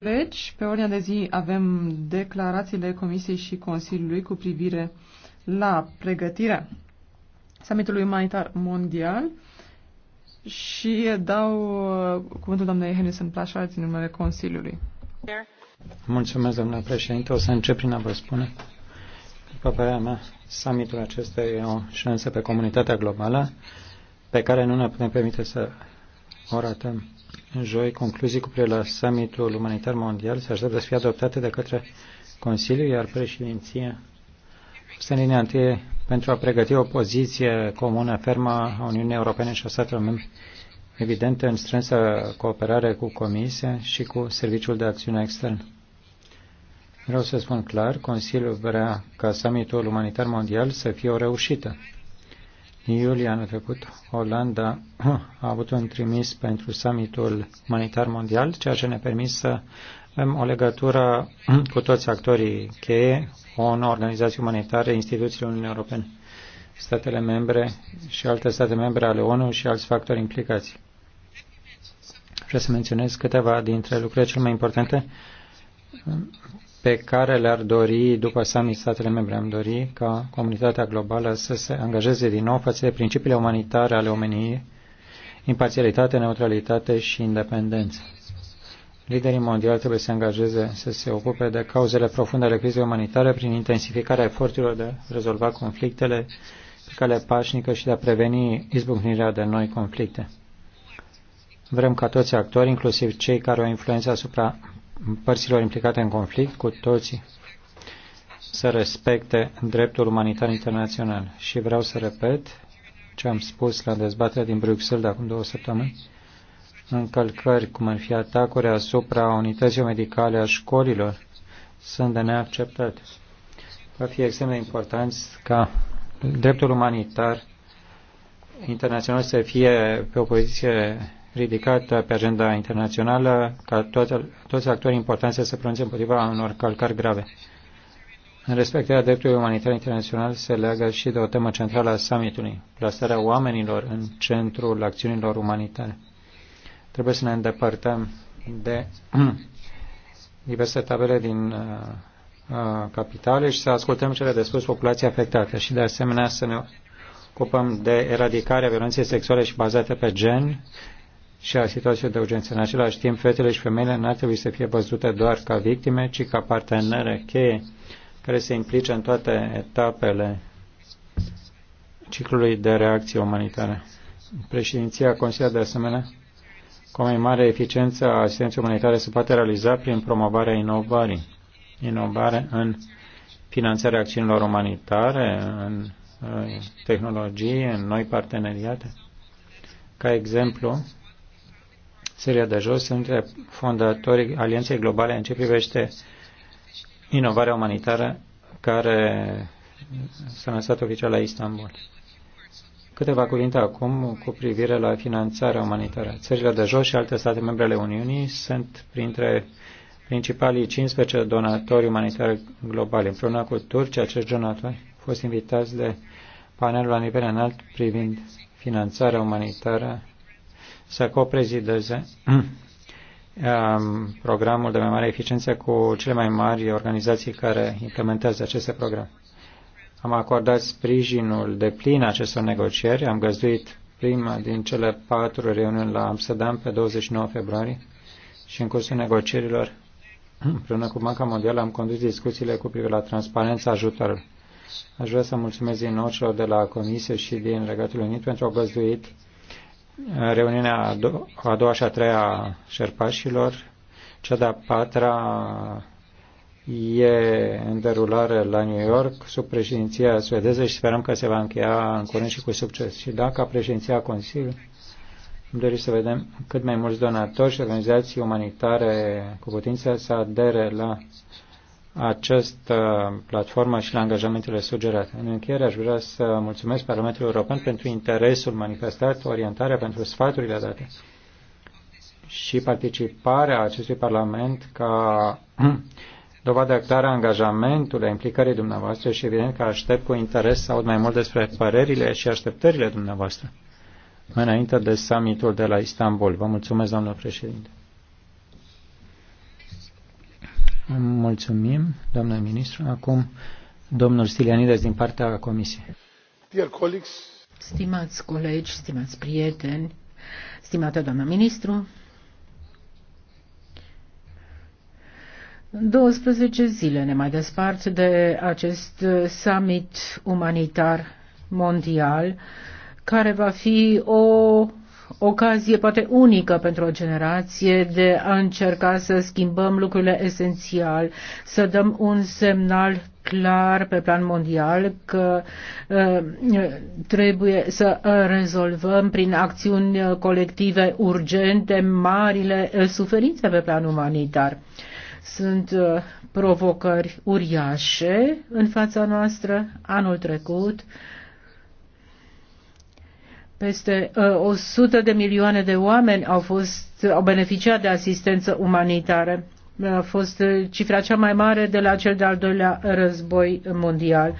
Deci, pe ordinea de zi avem declarațiile Comisiei și Consiliului cu privire la pregătirea summitului umanitar mondial și dau uh, cuvântul doamnei Henderson Plașard din numele Consiliului. Mulțumesc, domnule președinte. O să încep prin a vă spune. După părerea mea, summitul acesta e o șansă pe comunitatea globală pe care nu ne putem permite să o ratăm în joi concluzii cu privire la summitul umanitar mondial se așteaptă să fie adoptate de către Consiliu, iar președinția este în linia întâi pentru a pregăti o poziție comună fermă a Uniunii Europene și a statelor membre, evident în strânsă cooperare cu Comisia și cu Serviciul de Acțiune Externă. Vreau să spun clar, Consiliul vrea ca summitul umanitar mondial să fie o reușită. În iulie anul trecut, Olanda a avut un trimis pentru summitul umanitar mondial, ceea ce ne permis să avem o legătură cu toți actorii cheie, ONU, organizații umanitare, instituțiile Uniunii Europene, statele membre și alte state membre ale ONU și alți factori implicați. Vreau să menționez câteva dintre lucrurile cele mai importante pe care le-ar dori după summit statele membre. Am dori ca comunitatea globală să se angajeze din nou față de principiile umanitare ale omeniei, imparțialitate, neutralitate și independență. Liderii mondiali trebuie să se angajeze să se ocupe de cauzele profunde ale crizei umanitare prin intensificarea eforturilor de a rezolva conflictele pe cale pașnică și de a preveni izbucnirea de noi conflicte. Vrem ca toți actorii, inclusiv cei care au influență asupra părților implicate în conflict, cu toții, să respecte dreptul umanitar internațional. Și vreau să repet ce am spus la dezbaterea din Bruxelles de acum două săptămâni, încălcări, cum ar fi atacuri asupra unității medicale a școlilor, sunt de neacceptat. Va fi extrem de important ca dreptul umanitar internațional să fie pe o poziție ridicat pe agenda internațională ca toate, toți actorii importanți să se pronunțe împotriva unor calcari grave. În respectarea dreptului umanitar internațional se leagă și de o temă centrală a summitului, plasarea oamenilor în centrul acțiunilor umanitare. Trebuie să ne îndepărtăm de diverse tabele din uh, uh, capitale și să ascultăm cele de spus populația afectate și de asemenea să ne ocupăm de eradicarea violenței sexuale și bazate pe gen și a situației de urgență. În același timp, fetele și femeile nu ar trebui să fie văzute doar ca victime, ci ca partenere cheie care se implice în toate etapele ciclului de reacție umanitară. Președinția consideră de asemenea cu o mai mare eficiență a asistenței umanitare se poate realiza prin promovarea inovării. Inovare în finanțarea acțiunilor umanitare, în uh, tehnologie, în noi parteneriate. Ca exemplu, Seria de Jos, sunt între fondatorii Alianței Globale în ce privește inovarea umanitară care s-a lansat oficial la Istanbul. Câteva cuvinte acum cu privire la finanțarea umanitară. Țările de jos și alte state membre ale Uniunii sunt printre principalii 15 donatori umanitari globali. Împreună cu Turcia, acești donatori au fost invitați de panelul la nivel înalt privind finanțarea umanitară să coprezideze um, programul de mai mare eficiență cu cele mai mari organizații care implementează aceste programe. Am acordat sprijinul de plin acestor negocieri, am găzduit prima din cele patru reuniuni la Amsterdam pe 29 februarie și în cursul negocierilor, împreună cu Banca Mondială, am condus discuțiile cu privire la transparența ajutorului. Aș vrea să mulțumesc din nou celor de la Comisie și din Regatul Unit pentru au găzduit reuniunea a, do- a doua și a treia șerpașilor, cea de-a patra e în derulare la New York sub președinția suedeză și sperăm că se va încheia în curând și cu succes. Și dacă președinția Consiliului îmi dorit să vedem cât mai mulți donatori și organizații umanitare cu putință să adere la această platformă și la angajamentele sugerate. În încheiere aș vrea să mulțumesc Parlamentul European pentru interesul manifestat, orientarea pentru sfaturile date și participarea acestui Parlament ca dovadă clară a angajamentului, a implicării dumneavoastră și evident că aștept cu interes să aud mai mult despre părerile și așteptările dumneavoastră înainte de summitul de la Istanbul. Vă mulțumesc, domnul președinte. Mulțumim, doamna ministru. Acum, domnul Stilianides din partea Comisiei. Dear colleagues, Stimați colegi, stimați prieteni, stimată doamnă ministru, 12 zile ne mai despart de acest summit umanitar mondial, care va fi o ocazie poate unică pentru o generație de a încerca să schimbăm lucrurile esențial, să dăm un semnal clar pe plan mondial că uh, trebuie să rezolvăm prin acțiuni colective urgente marile uh, suferințe pe plan umanitar. Sunt uh, provocări uriașe în fața noastră anul trecut. Uh, peste uh, 100 de milioane de oameni au, fost, au beneficiat de asistență umanitară. A fost uh, cifra cea mai mare de la cel de-al doilea război mondial.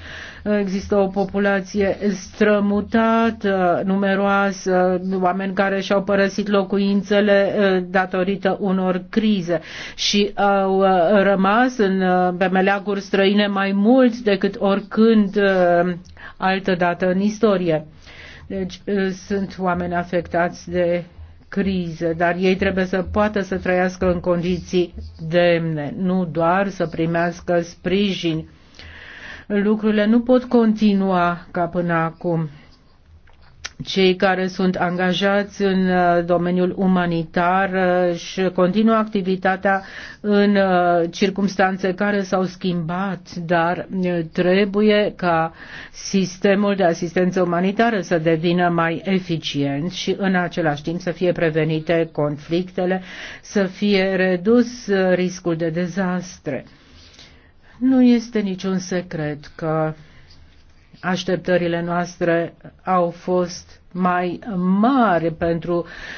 Există o populație strămutată, numeroasă, oameni care și-au părăsit locuințele uh, datorită unor crize și au uh, rămas în, bemeleaguri străine mai mult decât oricând altădată în istorie. Deci sunt oameni afectați de criză, dar ei trebuie să poată să trăiască în condiții demne, nu doar să primească sprijin. Lucrurile nu pot continua ca până acum cei care sunt angajați în uh, domeniul umanitar uh, și continuă activitatea în uh, circumstanțe care s-au schimbat, dar trebuie ca sistemul de asistență umanitară să devină mai eficient și în același timp să fie prevenite conflictele, să fie redus riscul de dezastre. Nu este niciun secret că așteptările noastre au fost mai mari pentru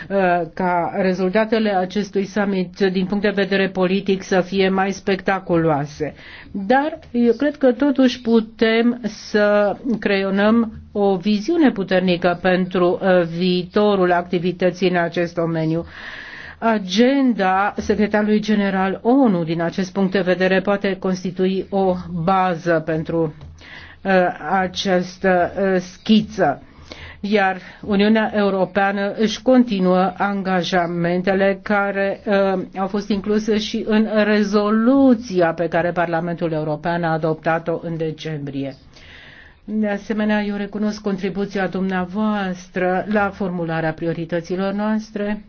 uh, ca rezultatele acestui summit din punct de vedere politic să fie mai spectaculoase. Dar eu cred că totuși putem să creionăm o viziune puternică pentru uh, viitorul activității în acest domeniu agenda secretarului general ONU din acest punct de vedere poate constitui o bază pentru Uh, această uh, schiță iar Uniunea Europeană își continuă angajamentele care uh, au fost incluse și în rezoluția pe care Parlamentul European a adoptat-o în decembrie. De asemenea, eu recunosc contribuția dumneavoastră la formularea priorităților noastre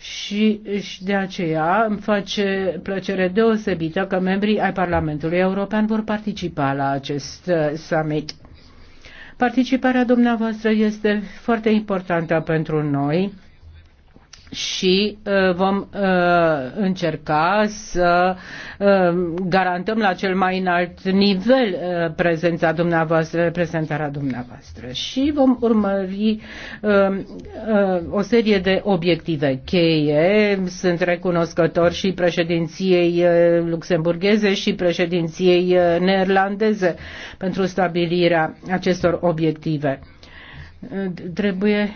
și, și de aceea îmi face plăcere deosebită că membrii ai Parlamentului European vor participa la acest uh, summit. Participarea dumneavoastră este foarte importantă pentru noi și uh, vom uh, încerca să uh, garantăm la cel mai înalt nivel prezența dumneavoastră, reprezentarea dumneavoastră și vom urmări um, o serie de obiective cheie. Sunt recunoscător și președinției luxemburgheze și președinției neerlandeze pentru stabilirea acestor obiective. Trebuie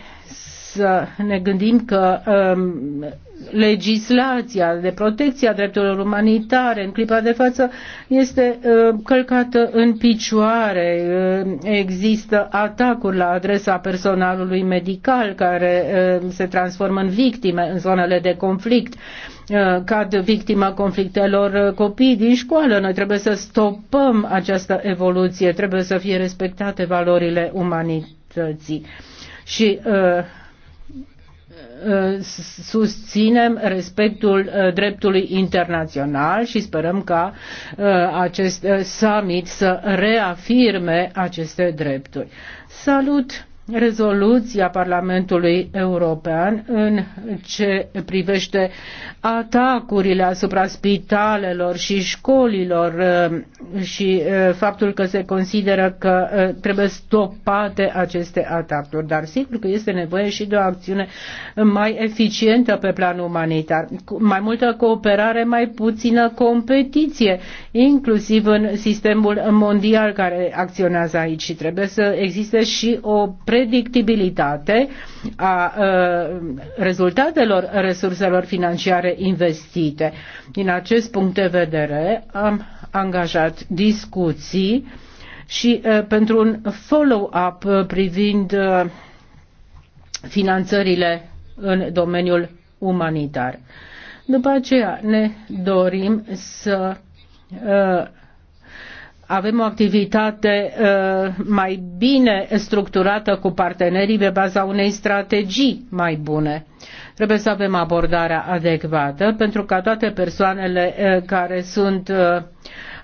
să ne gândim că um, legislația de protecție a drepturilor umanitare în clipa de față este uh, călcată în picioare. Uh, există atacuri la adresa personalului medical care uh, se transformă în victime în zonele de conflict. Uh, cad victima conflictelor uh, copii din școală. Noi trebuie să stopăm această evoluție. Trebuie să fie respectate valorile umanității. Și uh, susținem respectul uh, dreptului internațional și sperăm ca uh, acest uh, summit să reafirme aceste drepturi. Salut! rezoluția Parlamentului European în ce privește atacurile asupra spitalelor și școlilor uh, și uh, faptul că se consideră că uh, trebuie stopate aceste atacuri. Dar sigur că este nevoie și de o acțiune mai eficientă pe plan umanitar, mai multă cooperare, mai puțină competiție, inclusiv în sistemul mondial care acționează aici și trebuie să existe și o pre- predictibilitate a rezultatelor resurselor financiare investite. Din acest punct de vedere am angajat discuții și pentru un follow-up privind finanțările în domeniul umanitar. După aceea ne dorim să avem o activitate uh, mai bine structurată cu partenerii pe baza unei strategii mai bune. Trebuie să avem abordarea adecvată pentru ca toate persoanele uh, care sunt uh,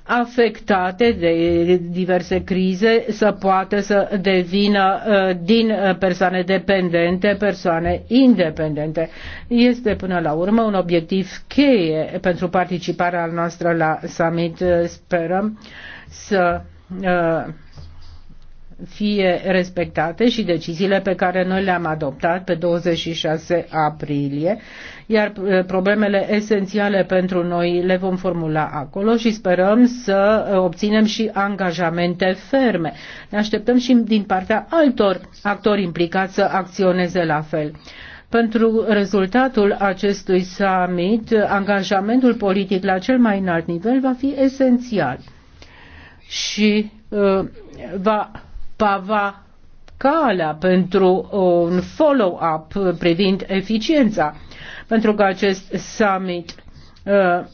afectate de diverse crize să poată să devină din persoane dependente persoane independente. Este până la urmă un obiectiv cheie pentru participarea noastră la summit, sperăm să uh, fie respectate și deciziile pe care noi le-am adoptat pe 26 aprilie, iar uh, problemele esențiale pentru noi le vom formula acolo și sperăm să uh, obținem și angajamente ferme. Ne așteptăm și din partea altor actori implicați să acționeze la fel. Pentru rezultatul acestui summit, angajamentul politic la cel mai înalt nivel va fi esențial și uh, va pava calea pentru uh, un follow-up privind eficiența, pentru că acest summit uh, uh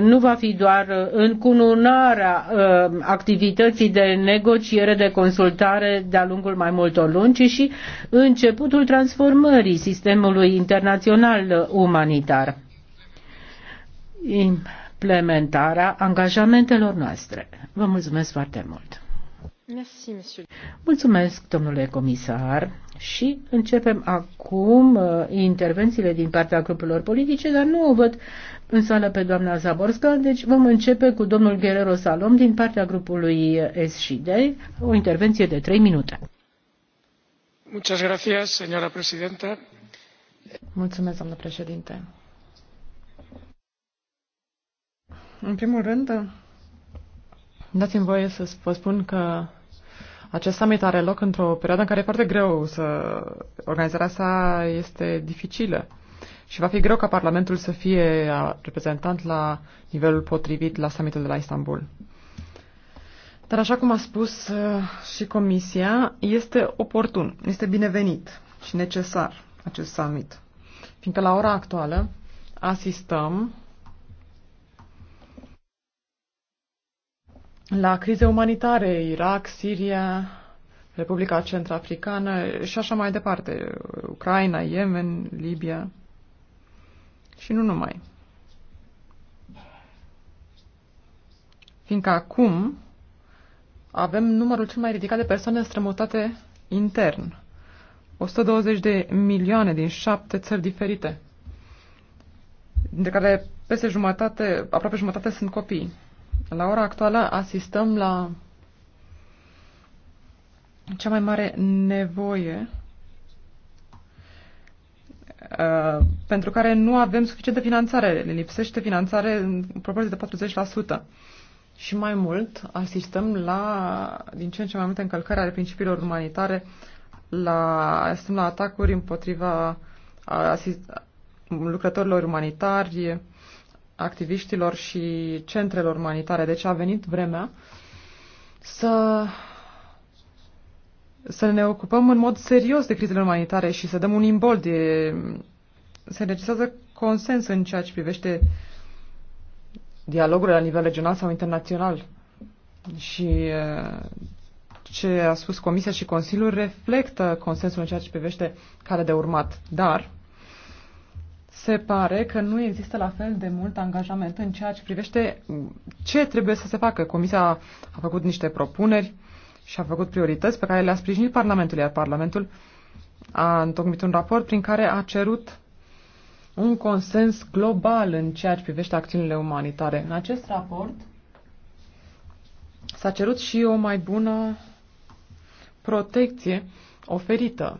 nu va fi doar încununarea uh, activității de negociere, de consultare de-a lungul mai multor luni, ci și începutul transformării sistemului internațional umanitar implementarea angajamentelor noastre. Vă mulțumesc foarte mult! Mulțumesc, domnule comisar. Și începem acum uh, intervențiile din partea grupurilor politice, dar nu o văd în sală pe doamna Zaborska, deci vom începe cu domnul Guerrero Salom din partea grupului SD, o intervenție de 3 minute. Muchas gracias, señora presidenta. Mulțumesc, doamnă președinte. În primul rând, dați-mi voie să vă spun că acest summit are loc într-o perioadă în care e foarte greu să... Organizarea sa este dificilă și va fi greu ca Parlamentul să fie reprezentant la nivelul potrivit la summitul de la Istanbul. Dar așa cum a spus și Comisia, este oportun, este binevenit și necesar acest summit, fiindcă la ora actuală asistăm la crize umanitare, Irak, Siria, Republica Centrafricană și așa mai departe, Ucraina, Yemen, Libia și nu numai. Fiindcă acum avem numărul cel mai ridicat de persoane strămutate intern. 120 de milioane din șapte țări diferite, dintre care peste jumătate, aproape jumătate sunt copii. La ora actuală asistăm la cea mai mare nevoie uh, pentru care nu avem suficientă finanțare. Le lipsește finanțare în proporție de 40%. Și mai mult, asistăm la din ce în ce mai multe încălcări ale principiilor umanitare, la, asistăm la atacuri împotriva uh, asist, lucrătorilor umanitari, activiștilor și centrelor umanitare. Deci a venit vremea să să ne ocupăm în mod serios de crizele umanitare și să dăm un imbold. De... Se necesează consens în ceea ce privește dialogurile la nivel regional sau internațional. Și ce a spus Comisia și Consiliul reflectă consensul în ceea ce privește care de urmat. Dar se pare că nu există la fel de mult angajament în ceea ce privește ce trebuie să se facă. Comisia a făcut niște propuneri și a făcut priorități pe care le-a sprijinit Parlamentul, iar Parlamentul a întocmit un raport prin care a cerut un consens global în ceea ce privește acțiunile umanitare. În acest raport s-a cerut și o mai bună protecție oferită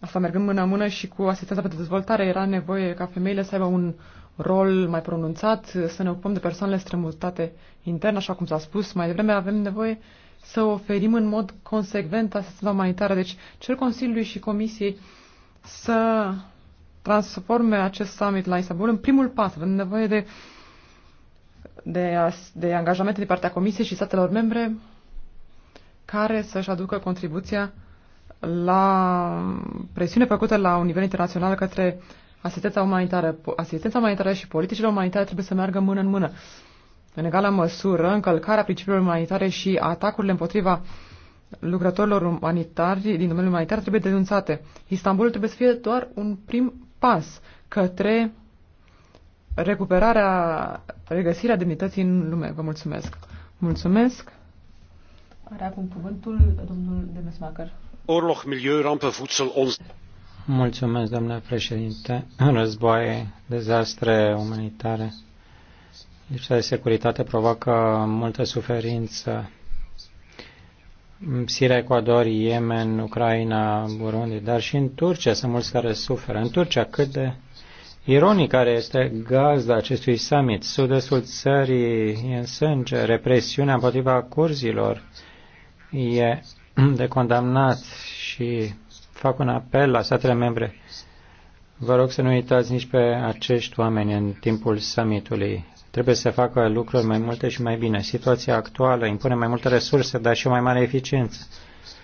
asta mergând mână-mână și cu asistența pentru dezvoltare, era nevoie ca femeile să aibă un rol mai pronunțat, să ne ocupăm de persoanele strămutate intern, așa cum s-a spus mai devreme, avem nevoie să oferim în mod consecvent asistența umanitară. Deci cel Consiliului și Comisiei să transforme acest summit la Istanbul în primul pas. Avem nevoie de, de, de angajamente din partea Comisiei și statelor membre care să-și aducă contribuția la presiune făcută la un nivel internațional către asistența umanitară. Asistența umanitară și politicile umanitare trebuie să meargă mână în mână. În egală măsură, încălcarea principiilor umanitare și atacurile împotriva lucrătorilor umanitari din domeniul umanitar trebuie denunțate. Istanbul trebuie să fie doar un prim pas către recuperarea, regăsirea demnității în lume. Vă mulțumesc. Mulțumesc. Are acum cuvântul domnul Demesmacăr oorlog, milieurampen, voedsel, ons... Mulțumesc, domnule președinte. Războaie, dezastre umanitare, lipsa de securitate provoacă multă suferință. Siria, Ecuador, Yemen, Ucraina, Burundi, dar și în Turcia sunt mulți care suferă. În Turcia cât de ironic care este gazda acestui summit. Sud-estul țării e în sânge, represiunea împotriva curzilor e de condamnat și fac un apel la statele membre. Vă rog să nu uitați nici pe acești oameni în timpul summitului. Trebuie să facă lucruri mai multe și mai bine. Situația actuală impune mai multe resurse, dar și o mai mare eficiență.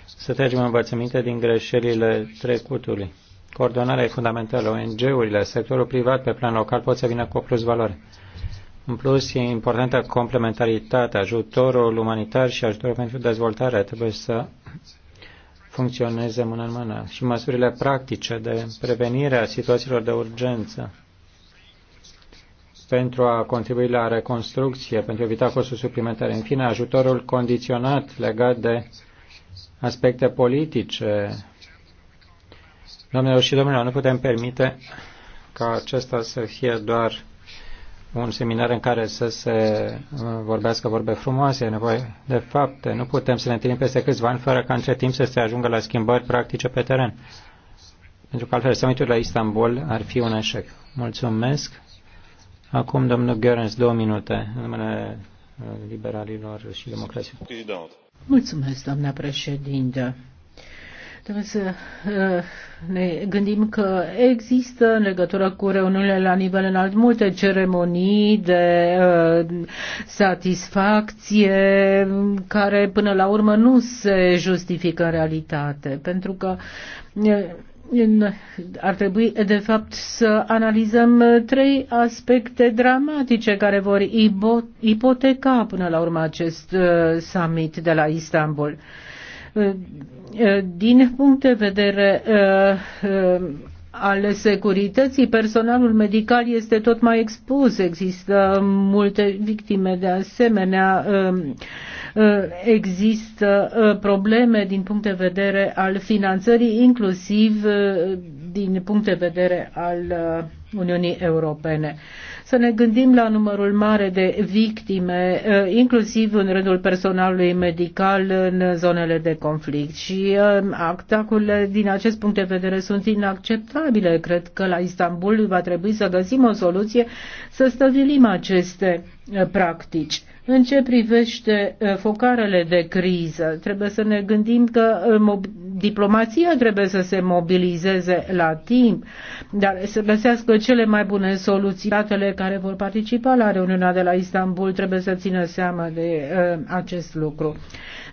Să tragem învățăminte din greșelile trecutului. Coordonarea e fundamentală. ONG-urile, sectorul privat pe plan local pot să vină cu o plus valoare. În plus, e importantă complementaritatea, ajutorul umanitar și ajutorul pentru dezvoltare trebuie să funcționeze mână în mână și măsurile practice de prevenire a situațiilor de urgență pentru a contribui la reconstrucție, pentru a evita costuri suplimentare. În fine, ajutorul condiționat legat de aspecte politice. Domnilor și domnilor, nu putem permite ca acesta să fie doar un seminar în care să se uh, vorbească vorbe frumoase, e nevoie de fapte. Nu putem să ne întâlnim peste câțiva ani fără ca între timp să se ajungă la schimbări practice pe teren. Pentru că altfel summitul la Istanbul ar fi un eșec. Mulțumesc. Acum, domnul Görens, două minute, în numele uh, liberalilor și democrației. Mulțumesc, doamna președinte. Trebuie să uh, ne gândim că există în legătură cu reuniunile la nivel înalt multe ceremonii de uh, satisfacție care până la urmă nu se justifică în realitate, pentru că uh, ar trebui, de fapt, să analizăm trei aspecte dramatice care vor ipoteca până la urmă acest summit de la Istanbul Eh, din punct de vedere eh, eh, al securității, personalul medical este tot mai expus. Există multe victime de asemenea, există probleme din punct de vedere al finanțării, inclusiv din punct de vedere al Uniunii Europene să ne gândim la numărul mare de victime, eh, inclusiv în rândul personalului medical în zonele de conflict. Și eh, atacurile din acest punct de vedere sunt inacceptabile. Cred că la Istanbul va trebui să găsim o soluție să stăvilim aceste eh, practici. În ce privește uh, focarele de criză, trebuie să ne gândim că uh, diplomația trebuie să se mobilizeze la timp, dar să găsească cele mai bune soluții. Statele care vor participa la reuniunea de la Istanbul trebuie să țină seama de uh, acest lucru.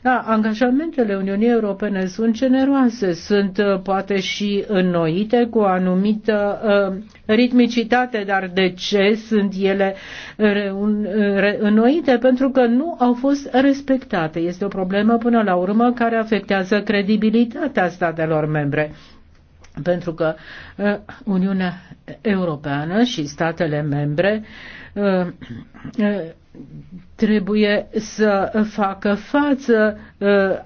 Da, angajamentele Uniunii Europene sunt generoase, sunt uh, poate și înnoite cu o anumită uh, ritmicitate, dar de ce sunt ele uh, înnoite? Pentru că nu au fost respectate. Este o problemă până la urmă care afectează credibilitatea statelor membre pentru că Uniunea Europeană și statele membre trebuie să facă față uh,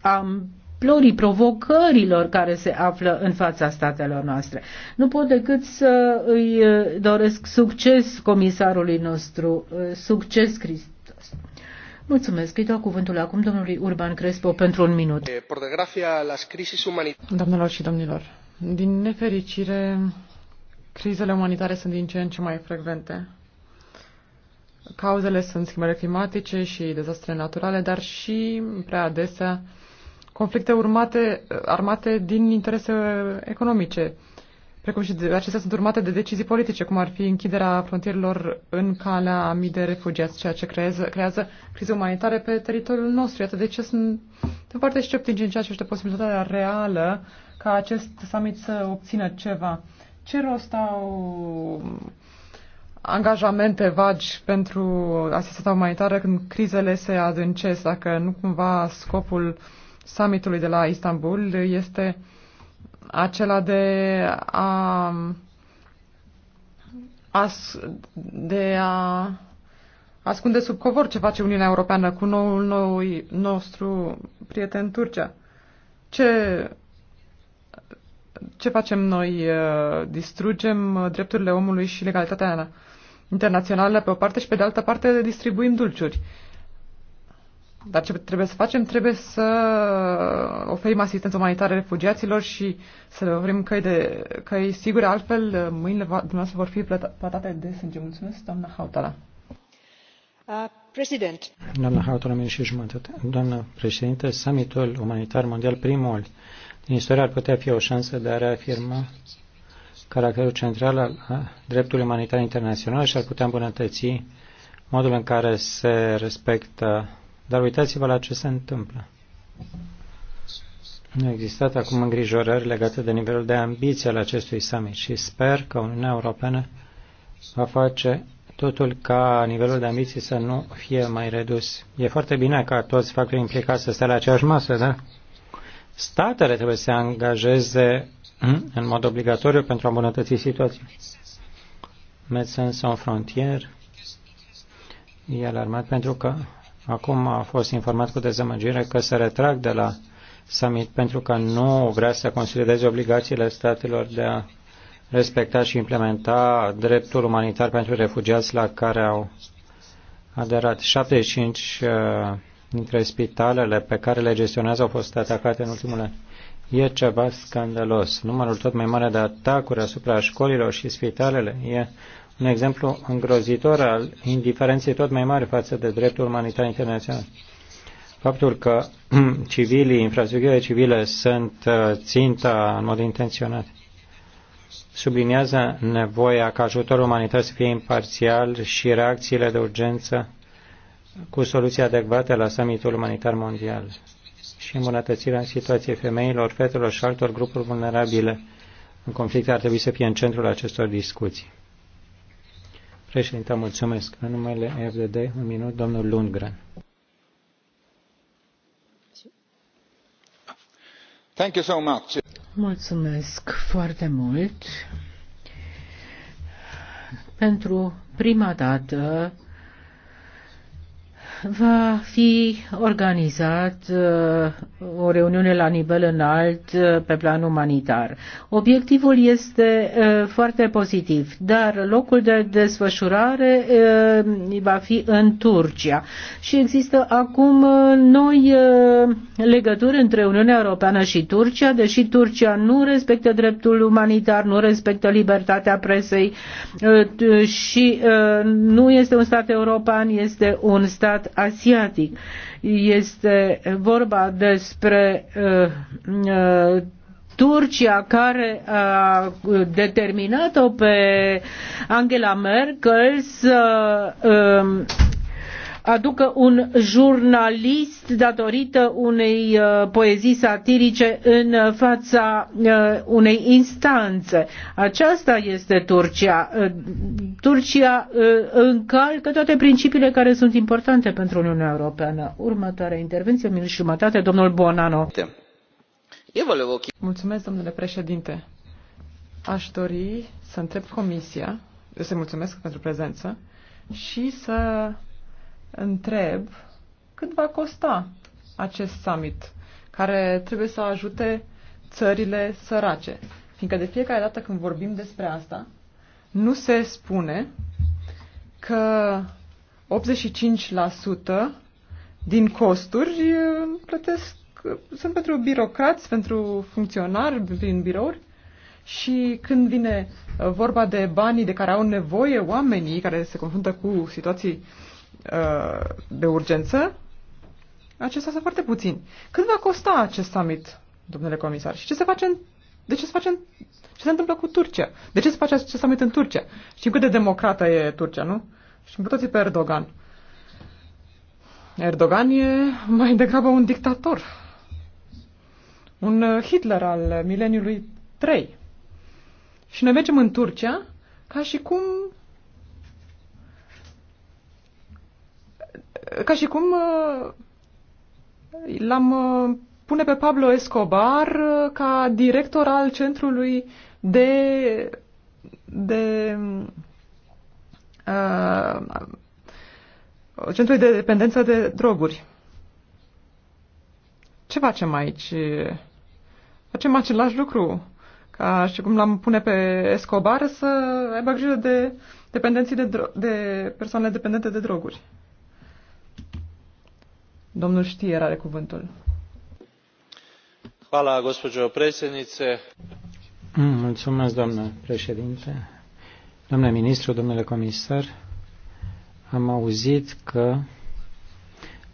amplorii provocărilor care se află în fața statelor noastre. Nu pot decât să îi uh, doresc succes comisarului nostru, uh, succes Crist. Mulțumesc. Îi dau cuvântul acum domnului Urban Crespo pentru un minut. Eh, domnilor și domnilor, din nefericire, crizele umanitare sunt din ce în ce mai frecvente. Cauzele sunt schimbările climatice și dezastrele naturale, dar și prea adesea conflicte urmate, armate din interese economice, precum și acestea sunt urmate de decizii politice, cum ar fi închiderea frontierilor în calea a mii de refugiați, ceea ce creează, creează crize umanitare pe teritoriul nostru. Iată de ce sunt foarte sceptici în ceea ce este posibilitatea reală ca acest summit să obțină ceva. Ce rost au angajamente vagi pentru asistența umanitară când crizele se adâncesc, dacă nu cumva scopul summitului de la Istanbul este acela de a, a de a ascunde sub covor ce face Uniunea Europeană cu noul nou nostru prieten Turcia. Ce, ce facem noi? Distrugem drepturile omului și legalitatea internaționale pe o parte și pe de altă parte distribuim dulciuri. Dar ce trebuie să facem? Trebuie să oferim asistență umanitară refugiaților și să le oferim căi, de, căi sigure, altfel mâinile dumneavoastră vor fi plătate de sânge. Mulțumesc, doamna Hautala. Uh, Doamna Hautala, minut și jumătate. Doamna președinte, summitul umanitar mondial primul din istorie ar putea fi o șansă de a reafirma caracterul central al dreptului umanitar internațional și ar putea îmbunătăți modul în care se respectă. Dar uitați-vă la ce se întâmplă. Nu existat acum îngrijorări legate de nivelul de ambiție al acestui summit și sper că Uniunea Europeană va face totul ca nivelul de ambiție să nu fie mai redus. E foarte bine ca toți factorii implicați să stea la aceeași masă, da? statele trebuie să se angajeze Hm? în mod obligatoriu pentru a îmbunătăți situația. Médecins Sans Frontières e alarmat pentru că acum a fost informat cu dezamăgire că se retrag de la summit pentru că nu vrea să consolideze obligațiile statelor de a respecta și implementa dreptul umanitar pentru refugiați la care au aderat. 75 uh, dintre spitalele pe care le gestionează au fost atacate în ultimul an. E ceva scandalos. Numărul tot mai mare de atacuri asupra școlilor și spitalele e un exemplu îngrozitor al indiferenței tot mai mari față de dreptul umanitar internațional. Faptul că civilii, infrastructurile civile sunt uh, ținta în mod intenționat subliniază nevoia ca ajutorul umanitar să fie imparțial și reacțiile de urgență cu soluții adecvate la summitul umanitar mondial și îmbunătățirea situației femeilor, fetelor și altor grupuri vulnerabile în conflict ar trebui să fie în centrul acestor discuții. Președinte, mulțumesc. În numele FDD, un minut, domnul Lundgren. Thank you so much. Mulțumesc foarte mult. Pentru prima dată va fi organizat uh, o reuniune la nivel înalt uh, pe plan umanitar. Obiectivul este uh, foarte pozitiv, dar locul de desfășurare va fi în Turcia. Și există acum noi legături între Uniunea Europeană și Turcia, deși Turcia nu respectă dreptul umanitar, nu respectă libertatea presei și nu este un stat european, este un stat asiatic. Este vorba despre uh, uh, Turcia care a determinat-o pe Angela Merkel să uh, aducă un jurnalist datorită unei uh, poezii satirice în fața uh, unei instanțe. Aceasta este Turcia. Uh, Turcia încalcă toate principiile care sunt importante pentru Uniunea Europeană. Următoarea intervenție, minut și jumătate, domnul Bonano. Mulțumesc, domnule președinte. Aș dori să întreb comisia, să mulțumesc pentru prezență, și să întreb cât va costa acest summit care trebuie să ajute țările sărace. Fiindcă de fiecare dată când vorbim despre asta, nu se spune că 85% din costuri plătesc, sunt pentru birocrați, pentru funcționari prin birouri și când vine uh, vorba de banii de care au nevoie oamenii care se confruntă cu situații uh, de urgență, acestea sunt foarte puțin. Cât va costa acest summit, domnule comisar? Și ce se face în de ce se face în, ce se întâmplă cu Turcia? De ce se face acest summit în Turcia? Știm cât de democrată e Turcia, nu? Știm cu toții pe Erdogan. Erdogan e mai degrabă un dictator. Un uh, Hitler al mileniului 3. Și ne mergem în Turcia ca și cum Ca și cum uh, l-am uh, pune pe Pablo Escobar uh, ca director al centrului de, de uh, centrului de dependență de droguri. Ce facem aici? Facem același lucru ca și cum l-am pune pe Escobar să aibă grijă de dependenții de, de persoanele dependente de droguri. Domnul Știer are cuvântul. Hvala, gospođo predsjednice. Mm, mulțumesc, doamnă președinte. Domnule ministru, domnule comisar, am auzit că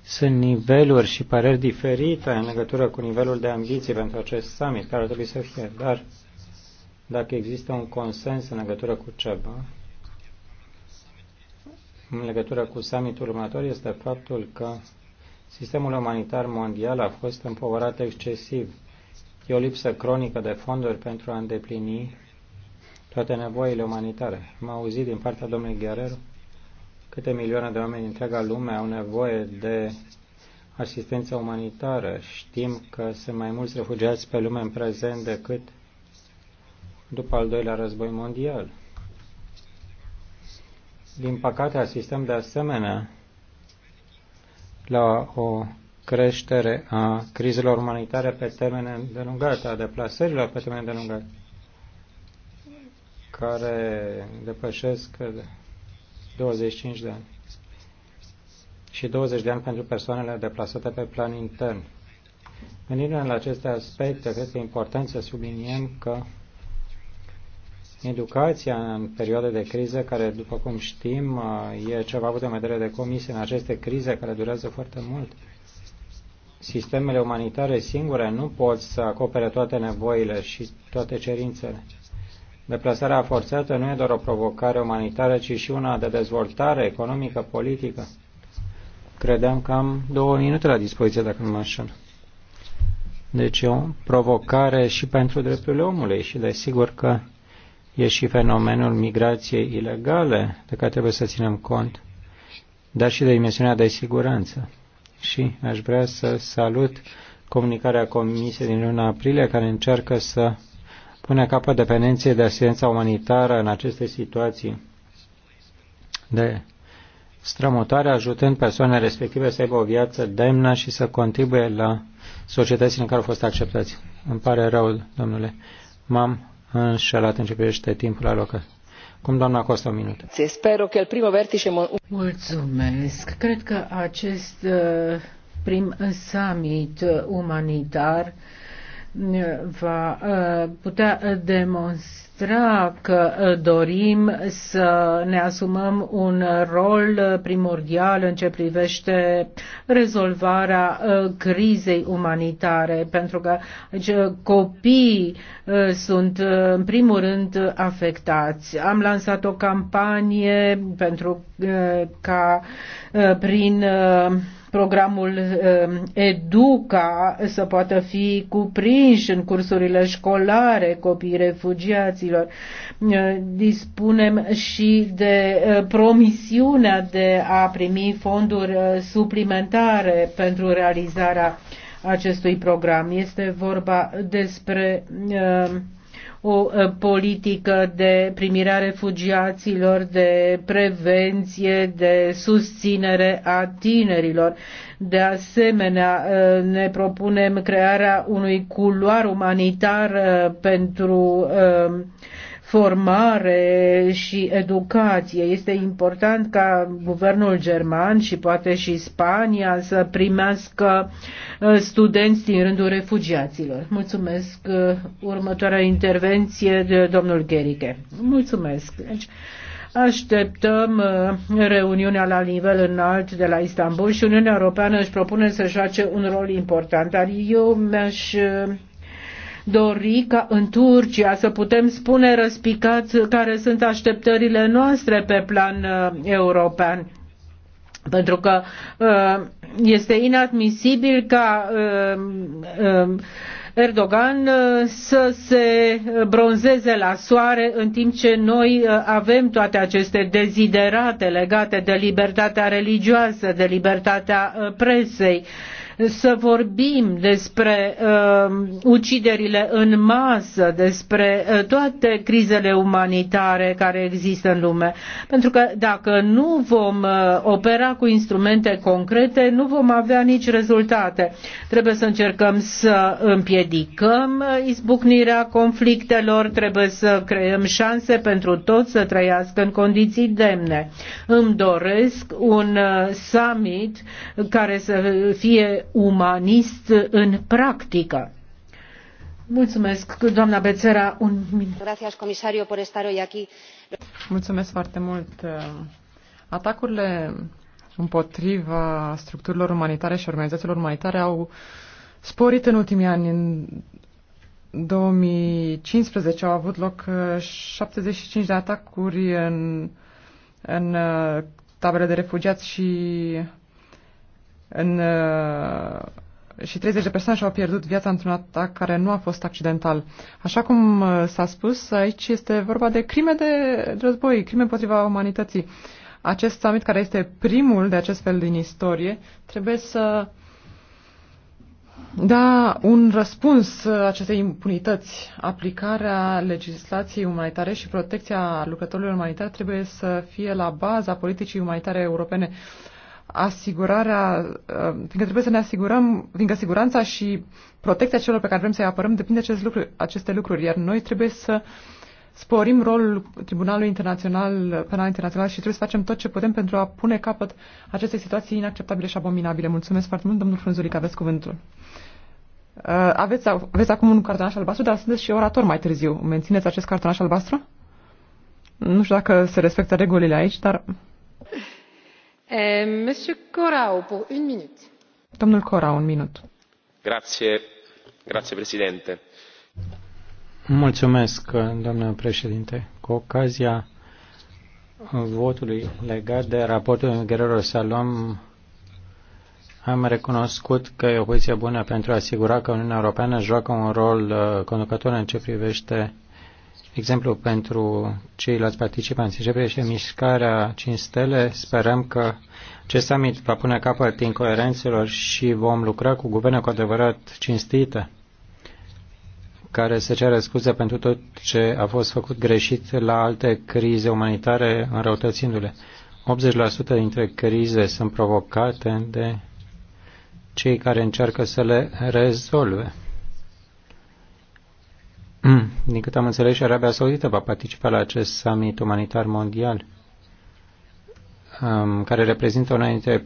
sunt niveluri și păreri diferite în legătură cu nivelul de ambiție pentru acest summit care ar trebui să fie, dar dacă există un consens în legătură cu ceva, în legătură cu summitul următor, este faptul că Sistemul umanitar mondial a fost împovărat excesiv. E o lipsă cronică de fonduri pentru a îndeplini toate nevoile umanitare. Am auzit din partea domnului Guerrero câte milioane de oameni din întreaga lume au nevoie de asistență umanitară. Știm că sunt mai mulți refugiați pe lume în prezent decât după al doilea război mondial. Din păcate, asistăm de asemenea la o creștere a crizelor umanitare pe termen îndelungat, a deplasărilor pe termen îndelungat, care depășesc 25 de ani și 20 de ani pentru persoanele deplasate pe plan intern. Gândindu-ne la aceste aspecte, cred că e important să subliniem că Educația în perioade de criză, care, după cum știm, uh, e ceva avut în vedere de comisie în aceste crize care durează foarte mult. Sistemele umanitare singure nu pot să acopere toate nevoile și toate cerințele. Deplasarea forțată nu e doar o provocare umanitară, ci și una de dezvoltare economică, politică. Credeam că am două minute la dispoziție, dacă nu mă înșel. Deci e o provocare și pentru drepturile omului și desigur că e și fenomenul migrației ilegale, de care trebuie să ținem cont, dar și de dimensiunea de siguranță. Și aș vrea să salut comunicarea Comisiei din luna aprilie, care încearcă să pune capăt dependenței de asistența umanitară în aceste situații de strămutare, ajutând persoanele respective să aibă o viață demnă și să contribuie la societățile în care au fost acceptați. Îmi pare rău, domnule. M-am înșelat în ce privește timpul alocat. Cum doamna costă un minut. Spero că el primul vertice... Mulțumesc. Cred că acest uh, prim summit umanitar uh, va uh, putea demonstra demonstra că uh, dorim să ne asumăm un rol primordial în ce privește rezolvarea uh, crizei umanitare, pentru că deci, uh, copiii sunt în primul rând afectați. Am lansat o campanie pentru ca prin programul um, Educa să poată fi cuprinși în cursurile școlare copiii refugiaților. Uh, dispunem și de uh, promisiunea de a primi fonduri uh, suplimentare pentru realizarea acestui program. Este vorba despre uh, o politică de primire a refugiaților, de prevenție, de susținere a tinerilor. De asemenea, ne propunem crearea unui culoar umanitar pentru uh, formare și educație. Este important ca guvernul german și poate și Spania să primească uh, studenți din rândul refugiaților. Mulțumesc. Uh, următoarea intervenție de domnul Gerike. Mulțumesc. Deci, Așteptăm uh, reuniunea la nivel înalt de la Istanbul și Uniunea Europeană își propune să joace un rol important, dar eu mi-aș dori ca în Turcia să putem spune răspicați care sunt așteptările noastre pe plan uh, european pentru că uh, este inadmisibil ca uh, Erdogan să se bronzeze la soare în timp ce noi avem toate aceste deziderate legate de libertatea religioasă, de libertatea presei să vorbim despre uh, uciderile în masă, despre uh, toate crizele umanitare care există în lume. Pentru că dacă nu vom uh, opera cu instrumente concrete, nu vom avea nici rezultate. Trebuie să încercăm să împiedicăm uh, izbucnirea conflictelor, trebuie să creăm șanse pentru toți să trăiască în condiții demne. Îmi doresc un uh, summit care să fie umanist în practică. Mulțumesc, doamna Bețera, un minut. Gracias, comisario, por estar hoy aquí. Mulțumesc foarte mult. Atacurile împotriva structurilor umanitare și organizațiilor umanitare au sporit în ultimii ani. În 2015 au avut loc 75 de atacuri în, în tabele de refugiați și în, uh, și 30 de persoane și-au pierdut viața într-un atac care nu a fost accidental. Așa cum uh, s-a spus, aici este vorba de crime de război, crime împotriva umanității. Acest summit, care este primul de acest fel din istorie, trebuie să da un răspuns uh, acestei impunități. Aplicarea legislației umanitare și protecția lucrătorilor umanitari trebuie să fie la baza politicii umanitare europene. Uh, asigurarea, uh, fiindcă trebuie să ne asigurăm, fiindcă siguranța și protecția celor pe care vrem să-i apărăm depinde de lucru, aceste lucruri, iar noi trebuie să sporim rolul Tribunalului Internațional, Penal Internațional și trebuie să facem tot ce putem pentru a pune capăt acestei situații inacceptabile și abominabile. Mulțumesc foarte mult, domnul că aveți cuvântul. Uh, aveți, aveți acum un cartonaș albastru, dar sunteți și orator mai târziu. Mențineți acest cartonaș albastru? Nu știu dacă se respectă regulile aici, dar... Eh, doamnă președinte cu ocazia votului legat de raportul guerrero salom am recunoscut că e o poziție bună pentru a asigura că Uniunea Europeană joacă un rol uh, conducător în ceea ce privește exemplu pentru ceilalți participanți. Ce privește mișcarea 5 stele, sperăm că acest summit va pune capăt incoerențelor și vom lucra cu guverne cu adevărat cinstite care se cere scuze pentru tot ce a fost făcut greșit la alte crize umanitare înrăutățindu-le. 80% dintre crize sunt provocate de cei care încearcă să le rezolve. Mm. Din câte am înțeles, Arabia Saudită va participa la acest summit umanitar mondial, um, care reprezintă una dintre